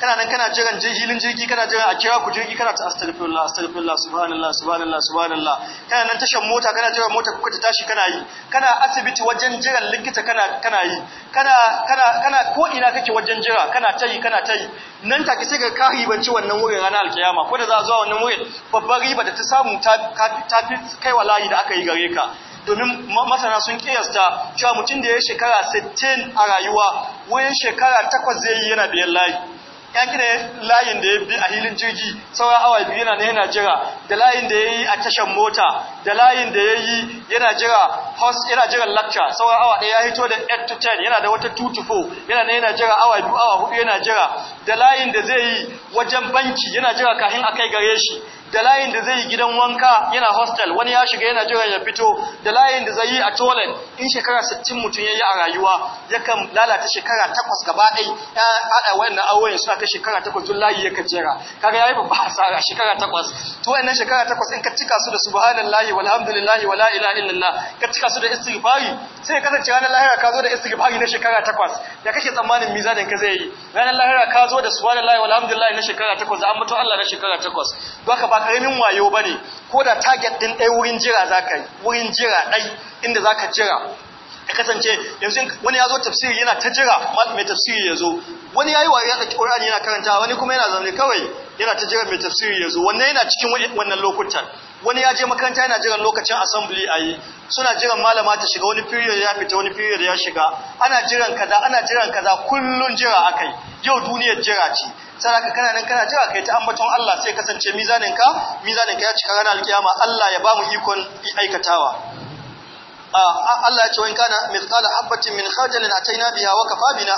kana nan kana jiran jirgin jirgi kana jiran a kira ku jirgi kana ta astaghfirullah astaghfirullah subhanallah subhanallah subhanallah kana nan tashan mota kana jiran mota ku ta tashi kana yi kana asibiti wajen jiran likita kana kana yi kana kana kana ko ina kake wajen jira kana ta yi kana ta yi nan take sai ka kahi wannan wurin ranar alkiyama ko da za a zuwa wannan wurin babbar riba da ta samu ta fi kai wallahi da aka yi gare ka domin masana sun kiyasta cewa mutum da ya shekara 60 a rayuwa wayan shekara 8 zai yi yana biyan layi ya layin da ya bi a hilin jirgi sauran awa biyu yana ne yana jira da layin da ya yi a tashan mota da layin da ya yi yana jira house yana jira lecture sauran awa ɗaya ya hito da 8 to 10 yana da wata 2 to 4 yana ne yana jira awa biyu awa hudu yana jira da layin da zai yi wajen banki yana jira kafin a kai gare shi da layin da zai yi gidan wanka yana hostel wani ya shiga yana jiran ya fito da layin da zai yi a toilet in shekara 60 mutum yayi a rayuwa yakan lalata shekara 8 gaba dai ya hada wannan awoyin suna kai shekara 8 tun layi ya kajera kaga yayi babba hasara shekara 8 to wannan shekara 8 in ka cika su da subhanallahi walhamdulillahi wala ilaha illallah ka cika su da istighfari sai ka kasance ranar lahira ka zo da istighfari na shekara 8 ya kake tsammanin mizanin ka zai yi ranar lahira ka zo da subhanallahi walhamdulillahi na shekara 8 da ambaton Allah na shekara 8 don ba ƙaramin wayo ba ne ko da target ɗin ɗai wurin jira za ka yi wurin jira ɗai inda za ka jira ka kasance yanzu wani ya zo tafsiri yana ta jira mai tafsiri ya zo wani ya yi wa ya ɗauki ƙorani yana karanta wani kuma yana zaune kawai yana ta jira mai tafsiri ya zo wannan yana cikin wannan lokutan wani ya je makaranta yana jiran lokacin assembly a yi suna jiran malama ta shiga wani period ya fita wani period ya shiga ana jiran kaza ana jiran kaza kullun jira akai yau duniyar jira ce sai kana nan kana jira kai ta ambaton Allah sai kasance mizaninka mizaninka ya cika ranar alkiyama Allah ya bamu mu ikon aikatawa Allah ya ce in kana mithqala habatin min khardalin atayna biha wa kafa bina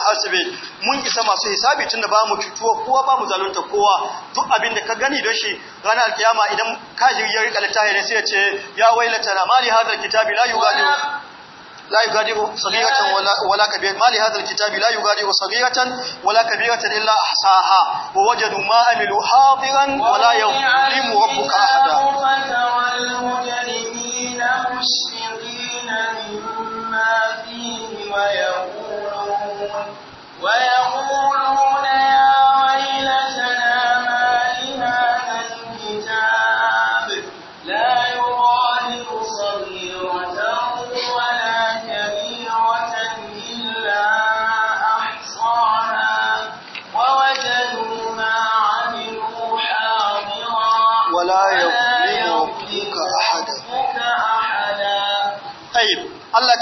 mun isa masu hisabi tunda ba mu cutuwa kowa bamu zalunta kowa duk abin da ka gani da shi ranar alkiyama idan kajiri ya rika littafi sai ya ce ya wailata mali hadal kitabi la لا يغادر صغيرة ولا ولا كبيرة ما لهذا الكتاب لا يغادر صغيرة ولا كبيرة إلا أحصاها ووجدوا ما عملوا حاضرا ولا يظلم ربك أحدا مشفقين مما فيه ويقولون ويقولون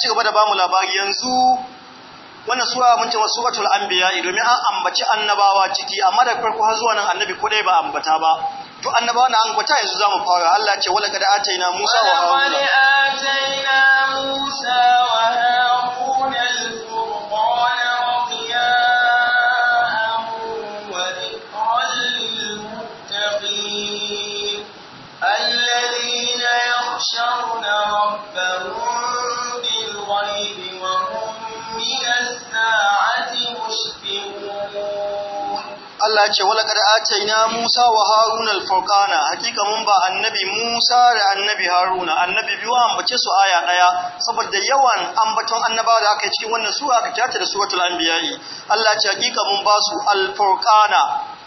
ci gaba da ba mu labari yanzu wannan sura mun ce suratul anbiya domin an ambaci annabawa ciki amma da farko har zuwa nan annabi ko dai ba ambata ba to annabawa na ambata yanzu zamu fara Allah ce wala kad ataina Musa wa harun Musa wa Allah ce wala kada ina Musa wa Harun al-Furqana hakika mun ba annabi Musa da annabi Haruna annabi biyu an bace su aya daya saboda yawan ambaton annabawa da aka yi cikin wannan sura aka kyata da suratul anbiya'i Allah ce hakika mun ba su al-Furqana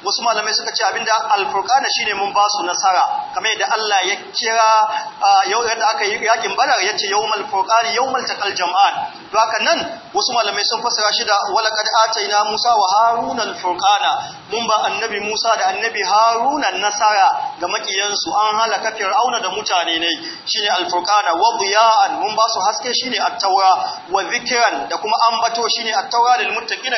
wasu malamai suka ce abinda alfurkana shine mun ba su nasara kamar yadda Allah ya kira ah, yau yadda aka yi yakin badar yace yawmal furqani yawmal taqal jama'an to haka nan wasu malamai sun fassara shi da walaqad ataina Musa wa Haruna al-furqana mun ba annabi Musa da annabi Haruna nasara ga makiyansu an halaka Fir'auna da mutane ne shine al-furqana wa diya'an mun ba su haske shine at-taura wa zikran da kuma an bato shine at-taura lil muttaqin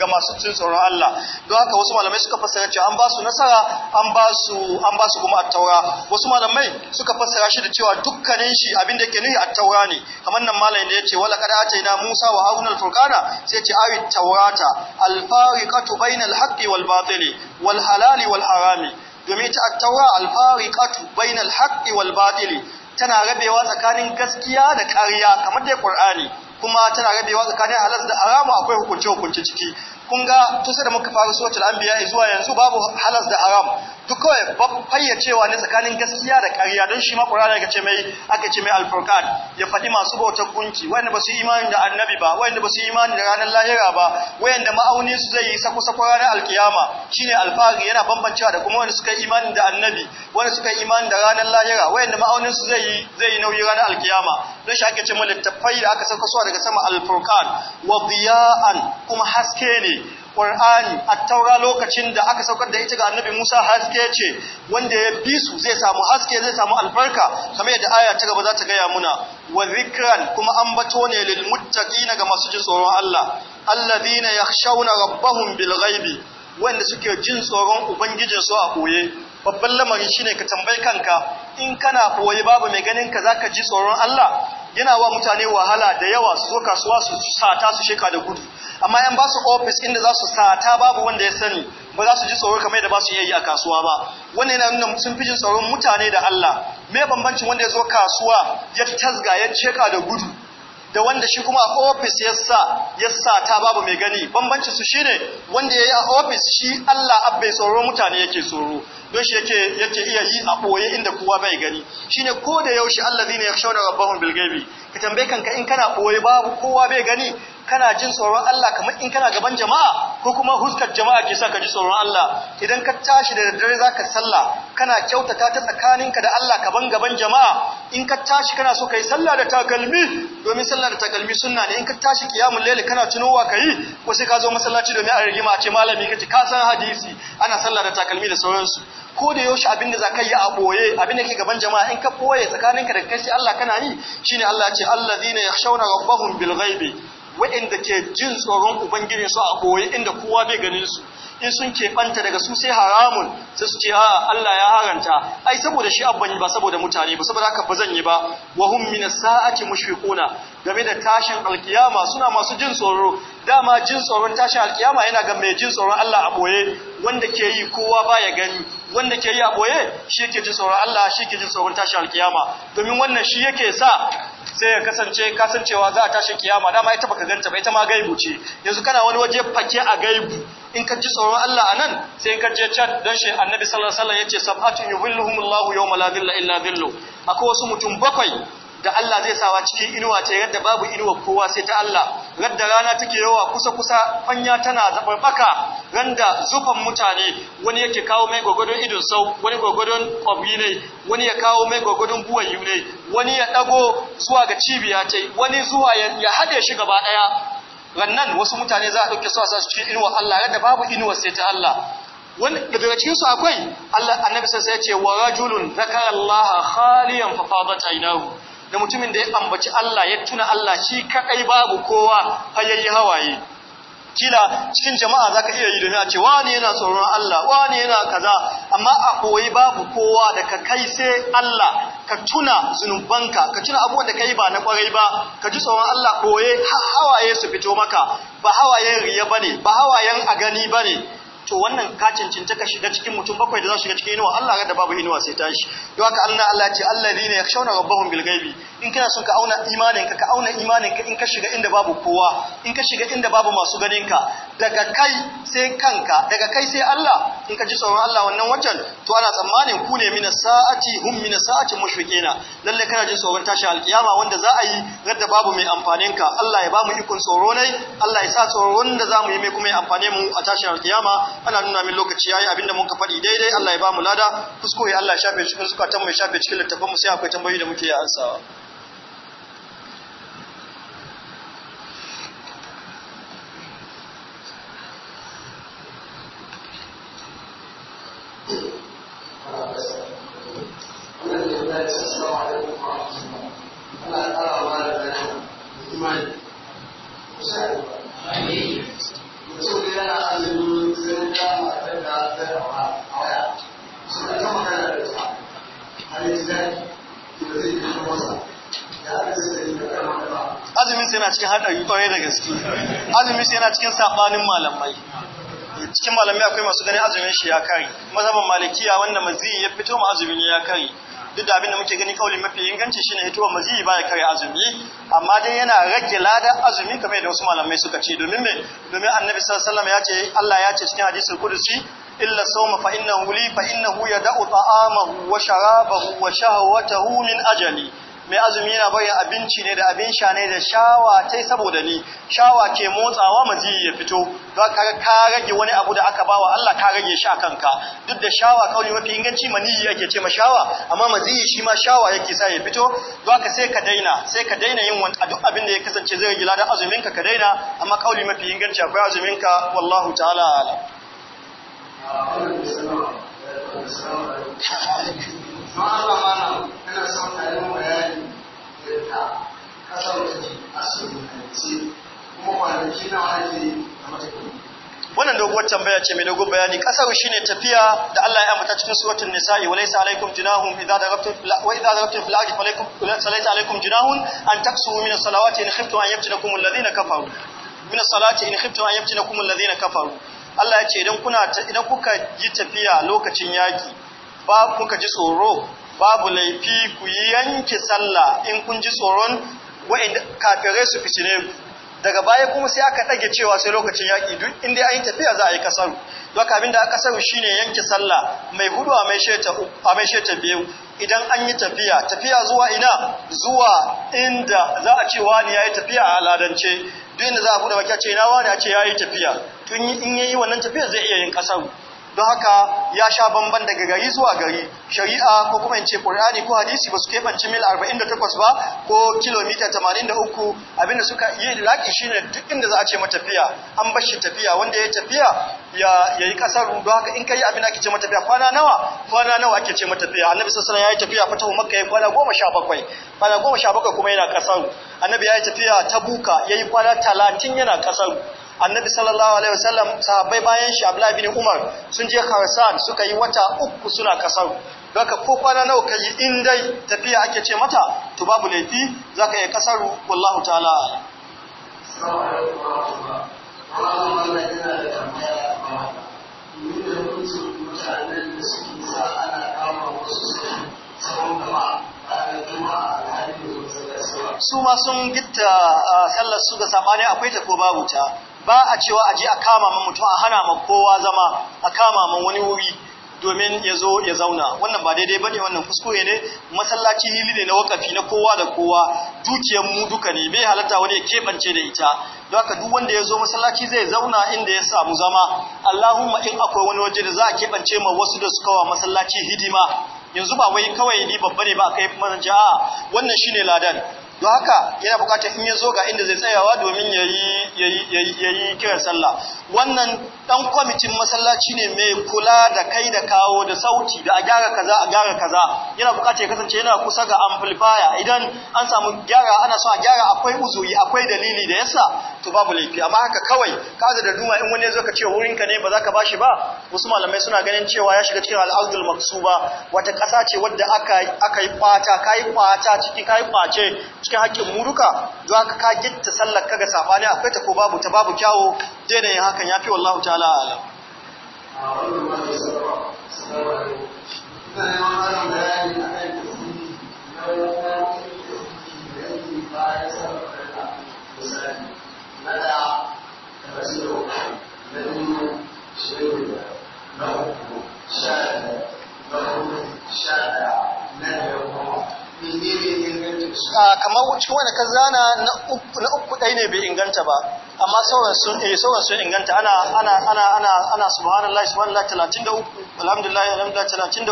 ga masu cin tsoron Allah don haka wasu malamai suka fassara cewa an ba su nasara an ba su an ba su kuma at-taura wasu malamai suka fassara shi da cewa dukkanin shi abin da ke nufi at-taura ne kamar nan malamin da yace walaqad ataina Musa wa aunal furqana sai ce awi taurata alfariqatu bainal haqqi wal batili wal halali wal harami domin ita a taura alfariqatu bainal haqqi wal batili tana rabewa tsakanin gaskiya da ƙarya kamar da Qur'ani kuma tana rabewa tsakanin halal da haramu akwai hukunce hukunce ciki kun ga tun da muka fara biya anbiya zuwa yanzu babu halas da haram duk kawai cewa ne tsakanin gaskiya da ƙarya don shi ma Qur'ani aka ce mai aka ce mai ya faɗi masu bautar gunki wanda ba su imani da annabi ba wanda ba su imani da ranar lahira ba wanda ma'auni su zai yi sako sako ranar alkiyama shine alfari yana bambancewa da kuma wanda suka yi imani da annabi wanda suka yi imani da ranar lahira wanda ma'aunin su zai yi zai yi nauyi ranar alkiyama don shi ake ce mai littafai da aka sako daga sama alfurkan. furqan wa kuma haske ne Qur'ani a taura lokacin da aka saukar da ita ga Annabi Musa haske ce wanda ya bi su zai samu haske zai samu albarka kamar yadda aya ta gaba za ta gaya muna wa zikran kuma bato ne lil muttaqina ga masu jin tsoron Allah alladhina ya shauna bil ghaibi wanda suke jin tsoron ubangijinsu a ɓoye. babban lamarin shi ne ka tambayi kanka in kana koyi babu mai ganin ka za ka ji tsoron Allah yana wa mutane wahala da yawa su zo kasuwa su sata su sheka da gudu amma yan ba su ofis inda za su sata babu wanda ya sani ba za su ji tsoro kamar da ba su yi a kasuwa ba wannan yana nuna sun fi jin tsoron mutane da Allah me bambancin wanda ya zo kasuwa ya tasga ya sheka da gudu da wanda shi kuma a ofis yasa sa ta babu mai gani bambanci su shine wanda yayi a ofis shi Allah abbe tsoron mutane yake tsoro don shi yake yake iya yi a boye inda kowa bai gani shine ko da yaushe allazina yakhshawna rabbahum bil ghaibi ka tambaye kanka in kana boye babu kowa bai gani kana jin tsoron Allah kamar in kana gaban jama'a ko kuma huskar jama'a ke sa ka ji tsoron Allah idan ka tashi da daddare zaka sallah kana kyautata ta tsakaninka da Allah ban gaban jama'a in ka tashi kana so kai sallah da takalmi domin sallah da takalmi sunna ne in ka tashi kiyamul layl kana tunowa kai ko sai ka zo masallaci domin a rigima a ce malami kace ka san hadisi ana sallah da takalmi da sauransu ko da yaushe abinda za ka yi a boye abinda ke gaban jama'a in ka boye tsakaninka da kai sai Allah kana yi shine Allah ya ce allazina yakhshawna rabbahum bil ghaibi waɗanda ke jin tsoron su a ɓoye inda kowa bai ganin su in sun ke keɓanta daga su sai haramun sai su ce a Allah ya haranta ai saboda shi abban ba saboda mutane ba saboda haka ba zan yi ba wa hum min sa'ati mushfiquna game da tashin alkiyama suna masu jin tsoro dama jin tsoron tashin alkiyama yana ga mai jin tsoron Allah a ɓoye wanda ke yi kowa ba ya gani wanda ke yi a boye shi ke jin tsoron Allah shi ke jin tsoron tashin alkiyama domin wannan shi yake sa sai ya kasance kasancewa za a tashi kiyama dama ita baka ganta ba ita ma gaibu ce yanzu kana wani waje fake a gaibu in ka ji tsoron Allah a nan sai in ka je chat don shi annabi sallallahu alaihi wasallam yace sab'atun yuhilluhumullahu yawma la dhilla illa dhillu akwai wasu mutum bakwai da Allah zai sawa cikin inuwa ta yadda babu inuwa kowa sai ta Allah radda rana take yawa kusa kusa fanya tana zabarbaka randa zufan mutane wani yake kawo mai gogodon idon sau wani gogodon kwabri ne wani ya kawo mai buwan yu ne wani ya dago zuwa ga cibiya ta wani zuwa ya haɗe shi gaba ɗaya wannan wasu mutane za a ɗauke su a sasu cikin inuwa Allah yadda babu inuwa sai ta Allah wani daga cikin su akwai Allah annabi sai ya ce wa rajulun zakara Allah khaliyan fa fadata inahu da mutumin da ya ambaci Allah ya tuna Allah shi kaɗai babu kowa hayayyi hawaye kila cikin jama'a za ka iya yi domin a ce wani yana tsoron Allah wani yana kaza amma a koyi babu kowa da ka kai sai Allah ka tuna zunubanka ka tuna abubuwan da ka yi ba na kwarai ba ka ji tsoron Allah koye hawaye su fito maka ba hawayen riya bane ba hawayen a gani bane to wannan ka cancanta ka shiga cikin mutum bakwai da za su shiga cikin inuwa Allah da babu inuwa sai tashi to haka Allah Allah ya ce alladhina yakhshawna rabbahum bil ghaibi in kana son ka auna imanin ka ka auna imanin ka in ka shiga inda babu kowa in ka shiga inda babu masu ganin ka daga kai sai kanka daga kai sai Allah in ka ji tsoron Allah wannan wajen. to ana tsammanin ku ne mina sa'ati hum mina sa'ati mushfiqina lalle kana jin tsoron tashi alkiyama wanda za a yi radda babu mai amfanin ka Allah ya ba mu ikon tsoro ne Allah ya sa tsoron da za mu yi mai kuma ya amfane mu a tashi alkiyama ana nuna min lokaci yayi abinda mun ka faɗi daidai Allah ya ba mu lada kuskure Allah ya shafe cikin zukatan mu ya shafe cikin littafin mu sai akwai tambayoyi da muke yi ansawa Thank you. yana cikin haɗari ƙwarai da gaske azumi sai yana cikin saɓanin malamai cikin malamai akwai masu ganin azumin shi ya kari mazhaban malikiya wanda maziyi ya fito ma azumin ya kari duk da abin da muke gani kauli mafi inganci shine hitowar maziyi baya kare azumi amma dai yana rage ladan azumi kamar yadda wasu malamai suka ce domin me domin annabi sallallahu alaihi wasallam ya ce Allah ya ce cikin hadisin qudsi illa sawma fa innahu li fa innahu yad'u ta'amahu wa sharabahu wa shahwatahu min ajali mai azumi yana bayan abinci ne da abin sha ne da shawa ta saboda ni shawa ke motsawa maziyi ya fito don kaga ka rage wani abu da aka bawa Allah ka rage shi kanka duk da shawa kauli mafi inganci maniyi ake ce ma shawa amma maziyi shi ma shawa yake sa ya fito don ka sai ka daina sai ka daina yin wani duk abin da ya kasance zai rage ladan azumin ka ka daina amma kauli mafi inganci akwai azumin ka wallahu ta'ala ala wannan doguwar tambaya ce mai dogon bayani kasaru shine tafiya da Allah ya amfata cikin suratul nisa'i walaysa alaykum junahun idza darabtum wa idza darabtum fil ardi falaykum laysa alaykum junahun an taksu min as-salawati in khiftum an yaftinakum alladhina kafaru min as-salati in khiftum an yaftinakum alladhina kafaru Allah ya ce idan kuna idan kuka yi tafiya lokacin yaki ba kuka ji tsoro babu laifi ku yanke sallah in kun ji tsoron wa'inda kafirai su fitine ku daga baya kuma sai aka ɗage cewa sai lokacin yaƙi duk inda an yi tafiya za a yi kasaru don abin da aka shi ne yanke sallah mai hudu a mai sheta biyu idan an yi tafiya tafiya zuwa ina zuwa inda za a ce wani ya yi tafiya a aladance duk inda za a buɗe baki a ce ina wani a ce ya yi tafiya tun in yi wannan tafiya zai iya yin kasaru don haka ya sha bamban daga gari zuwa gari shari'a ko kuma in ce qur'ani ko hadisi ba su keɓance mil 48 ba ko kilomita 83 abinda suka yi shi ne duk inda za a ce matafiya an bar shi tafiya wanda ya tafiya ya yi ƙasar rudu haka in kai abin ake ce matafiya kwana nawa kwana nawa ake ce matafiya annabi Sassana ya yi tafiya wa makka ya kwana goma sha bakwai. kwana goma sha bakwai kuma yana kasar annabi ya yi tafiya ta buka ya yi kwana talatin yana kasar annabi sallallahu alaihi wasallam sahabbai bayan shi abdullahi bin umar sun je kharsan suka yi wata uku suna kasau daga ko kwana nawa kai in dai tafiya ake ce mata to babu laifi zaka yi kasaru wallahu ta'ala su ma sun gitta ah, sallar su ga sabani akwai ta ko babu ta ba a cewa aje a kama mun mutu a hana ma kowa zama a kama mun wani wuri domin ya zo ya zauna wannan ba daidai bane wannan kuskure ne masallaci hili ne na wakafi na kowa da kowa dukiyar mu duka ne bai halatta wani ya kebance da ita don haka duk wanda ya zo masallaci zai zauna inda ya samu zama Allahumma in akwai wani waje da za a kebance ma wasu da suka wa masallaci hidima yanzu ba wai kawai ni babba ne ba kai manzo a wannan shine ladan don haka yana bukatar in ya zo ga inda zai tsayawa domin ya yi kiran sallah wannan dan kwamitin masallaci ne mai kula da kai da kawo da sauti da a gyara kaza a gyara kaza yana bukatar ya kasance yana kusa ga amplifier idan an samu gyara ana so a gyara akwai uzuri akwai dalili da yasa to babu laifi amma haka kawai kaza da duma in wani ya zo ka ce ka ne ba za ka bashi ba wasu malamai suna ganin cewa ya shiga cikin al'adul maksuba wata kasa ce wadda aka yi kwata kai kwata cikin kai kwace cikin haƙƙin muruka zuwa ka haka ka gita sallar kaga safani akwai ta ko babu ta babu kyawo daina hakan hakan yafi wallahu ta'ala ala na na sha Ah, kamar cikin wani ka zana na uku ɗai ne bai inganta ba amma sauran sun eh, inganta ana ana ana ana ana subhanallah subhanallah 33 alhamdulillah alhamdulillah 33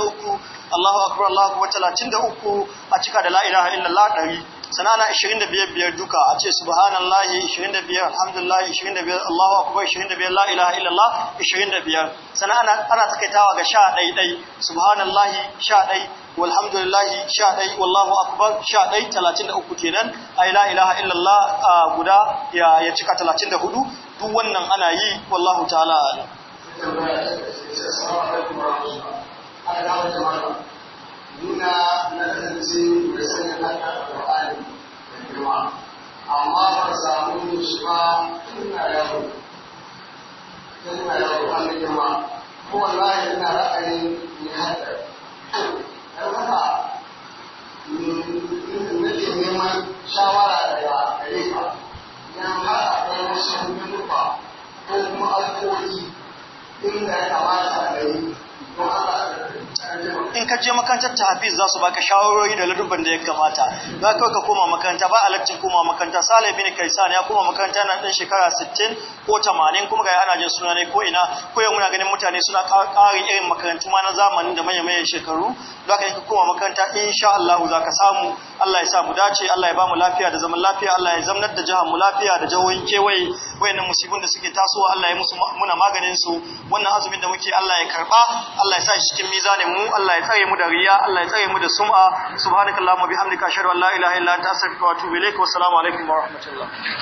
Allahu akbar Allahu akbar 33 a cika da la ilaha illallah 100 sanana 25 biyar duka a ce subhanallahi 25 alhamdulillah 25 Allahu akbar 25 la ilaha illallah 25 sanana ana takaitawa ga 11 subhanallahi 11 walhamdulillahi sha ɗai wallahu akbar sha ɗai talatin da uku kenan ai a ilaha illallah guda ya cika talatin da hudu duk wannan ana yi wallahu ta'ala na amma ba samu shi tuna yaro tuna yaro an girma ko wallahi ina ra'ayin ni haka don haka nake neman shawara daga gare ka idan har akwai ko kuma alkoholi inda ya kamata ka yi in ka je ta Hafiz za su baka shawarori da ladubban da ya kamata za ka ka koma makaranta ba alattin koma makaranta Salih bin Kaisan ya koma makaranta na dan shekara 60 ko 80 kuma ga ana jin suna ne ko ina ko yau muna ganin mutane suna ƙarin irin makarantu ma na zamanin da manyan manyan shekaru za ka ka koma makaranta insha Allah za ka samu Allah ya sa mu dace Allah ya ba mu lafiya da zaman lafiya Allah ya zamnar da jahan mu lafiya da jihohin kewaye wayannan musibin da suke tasowa Allah ya musu muna maganin su wannan azumin da muke Allah ya karba Allah ya sa shi cikin mizanin mu Allah ya tsare mu da riya Allah ya tsare mu da sum'a subhanakallahumma bihamdika ashhadu an la ilaha illa anta astaghfiruka wa atubu ilaik wa assalamu alaikum wa rahmatullah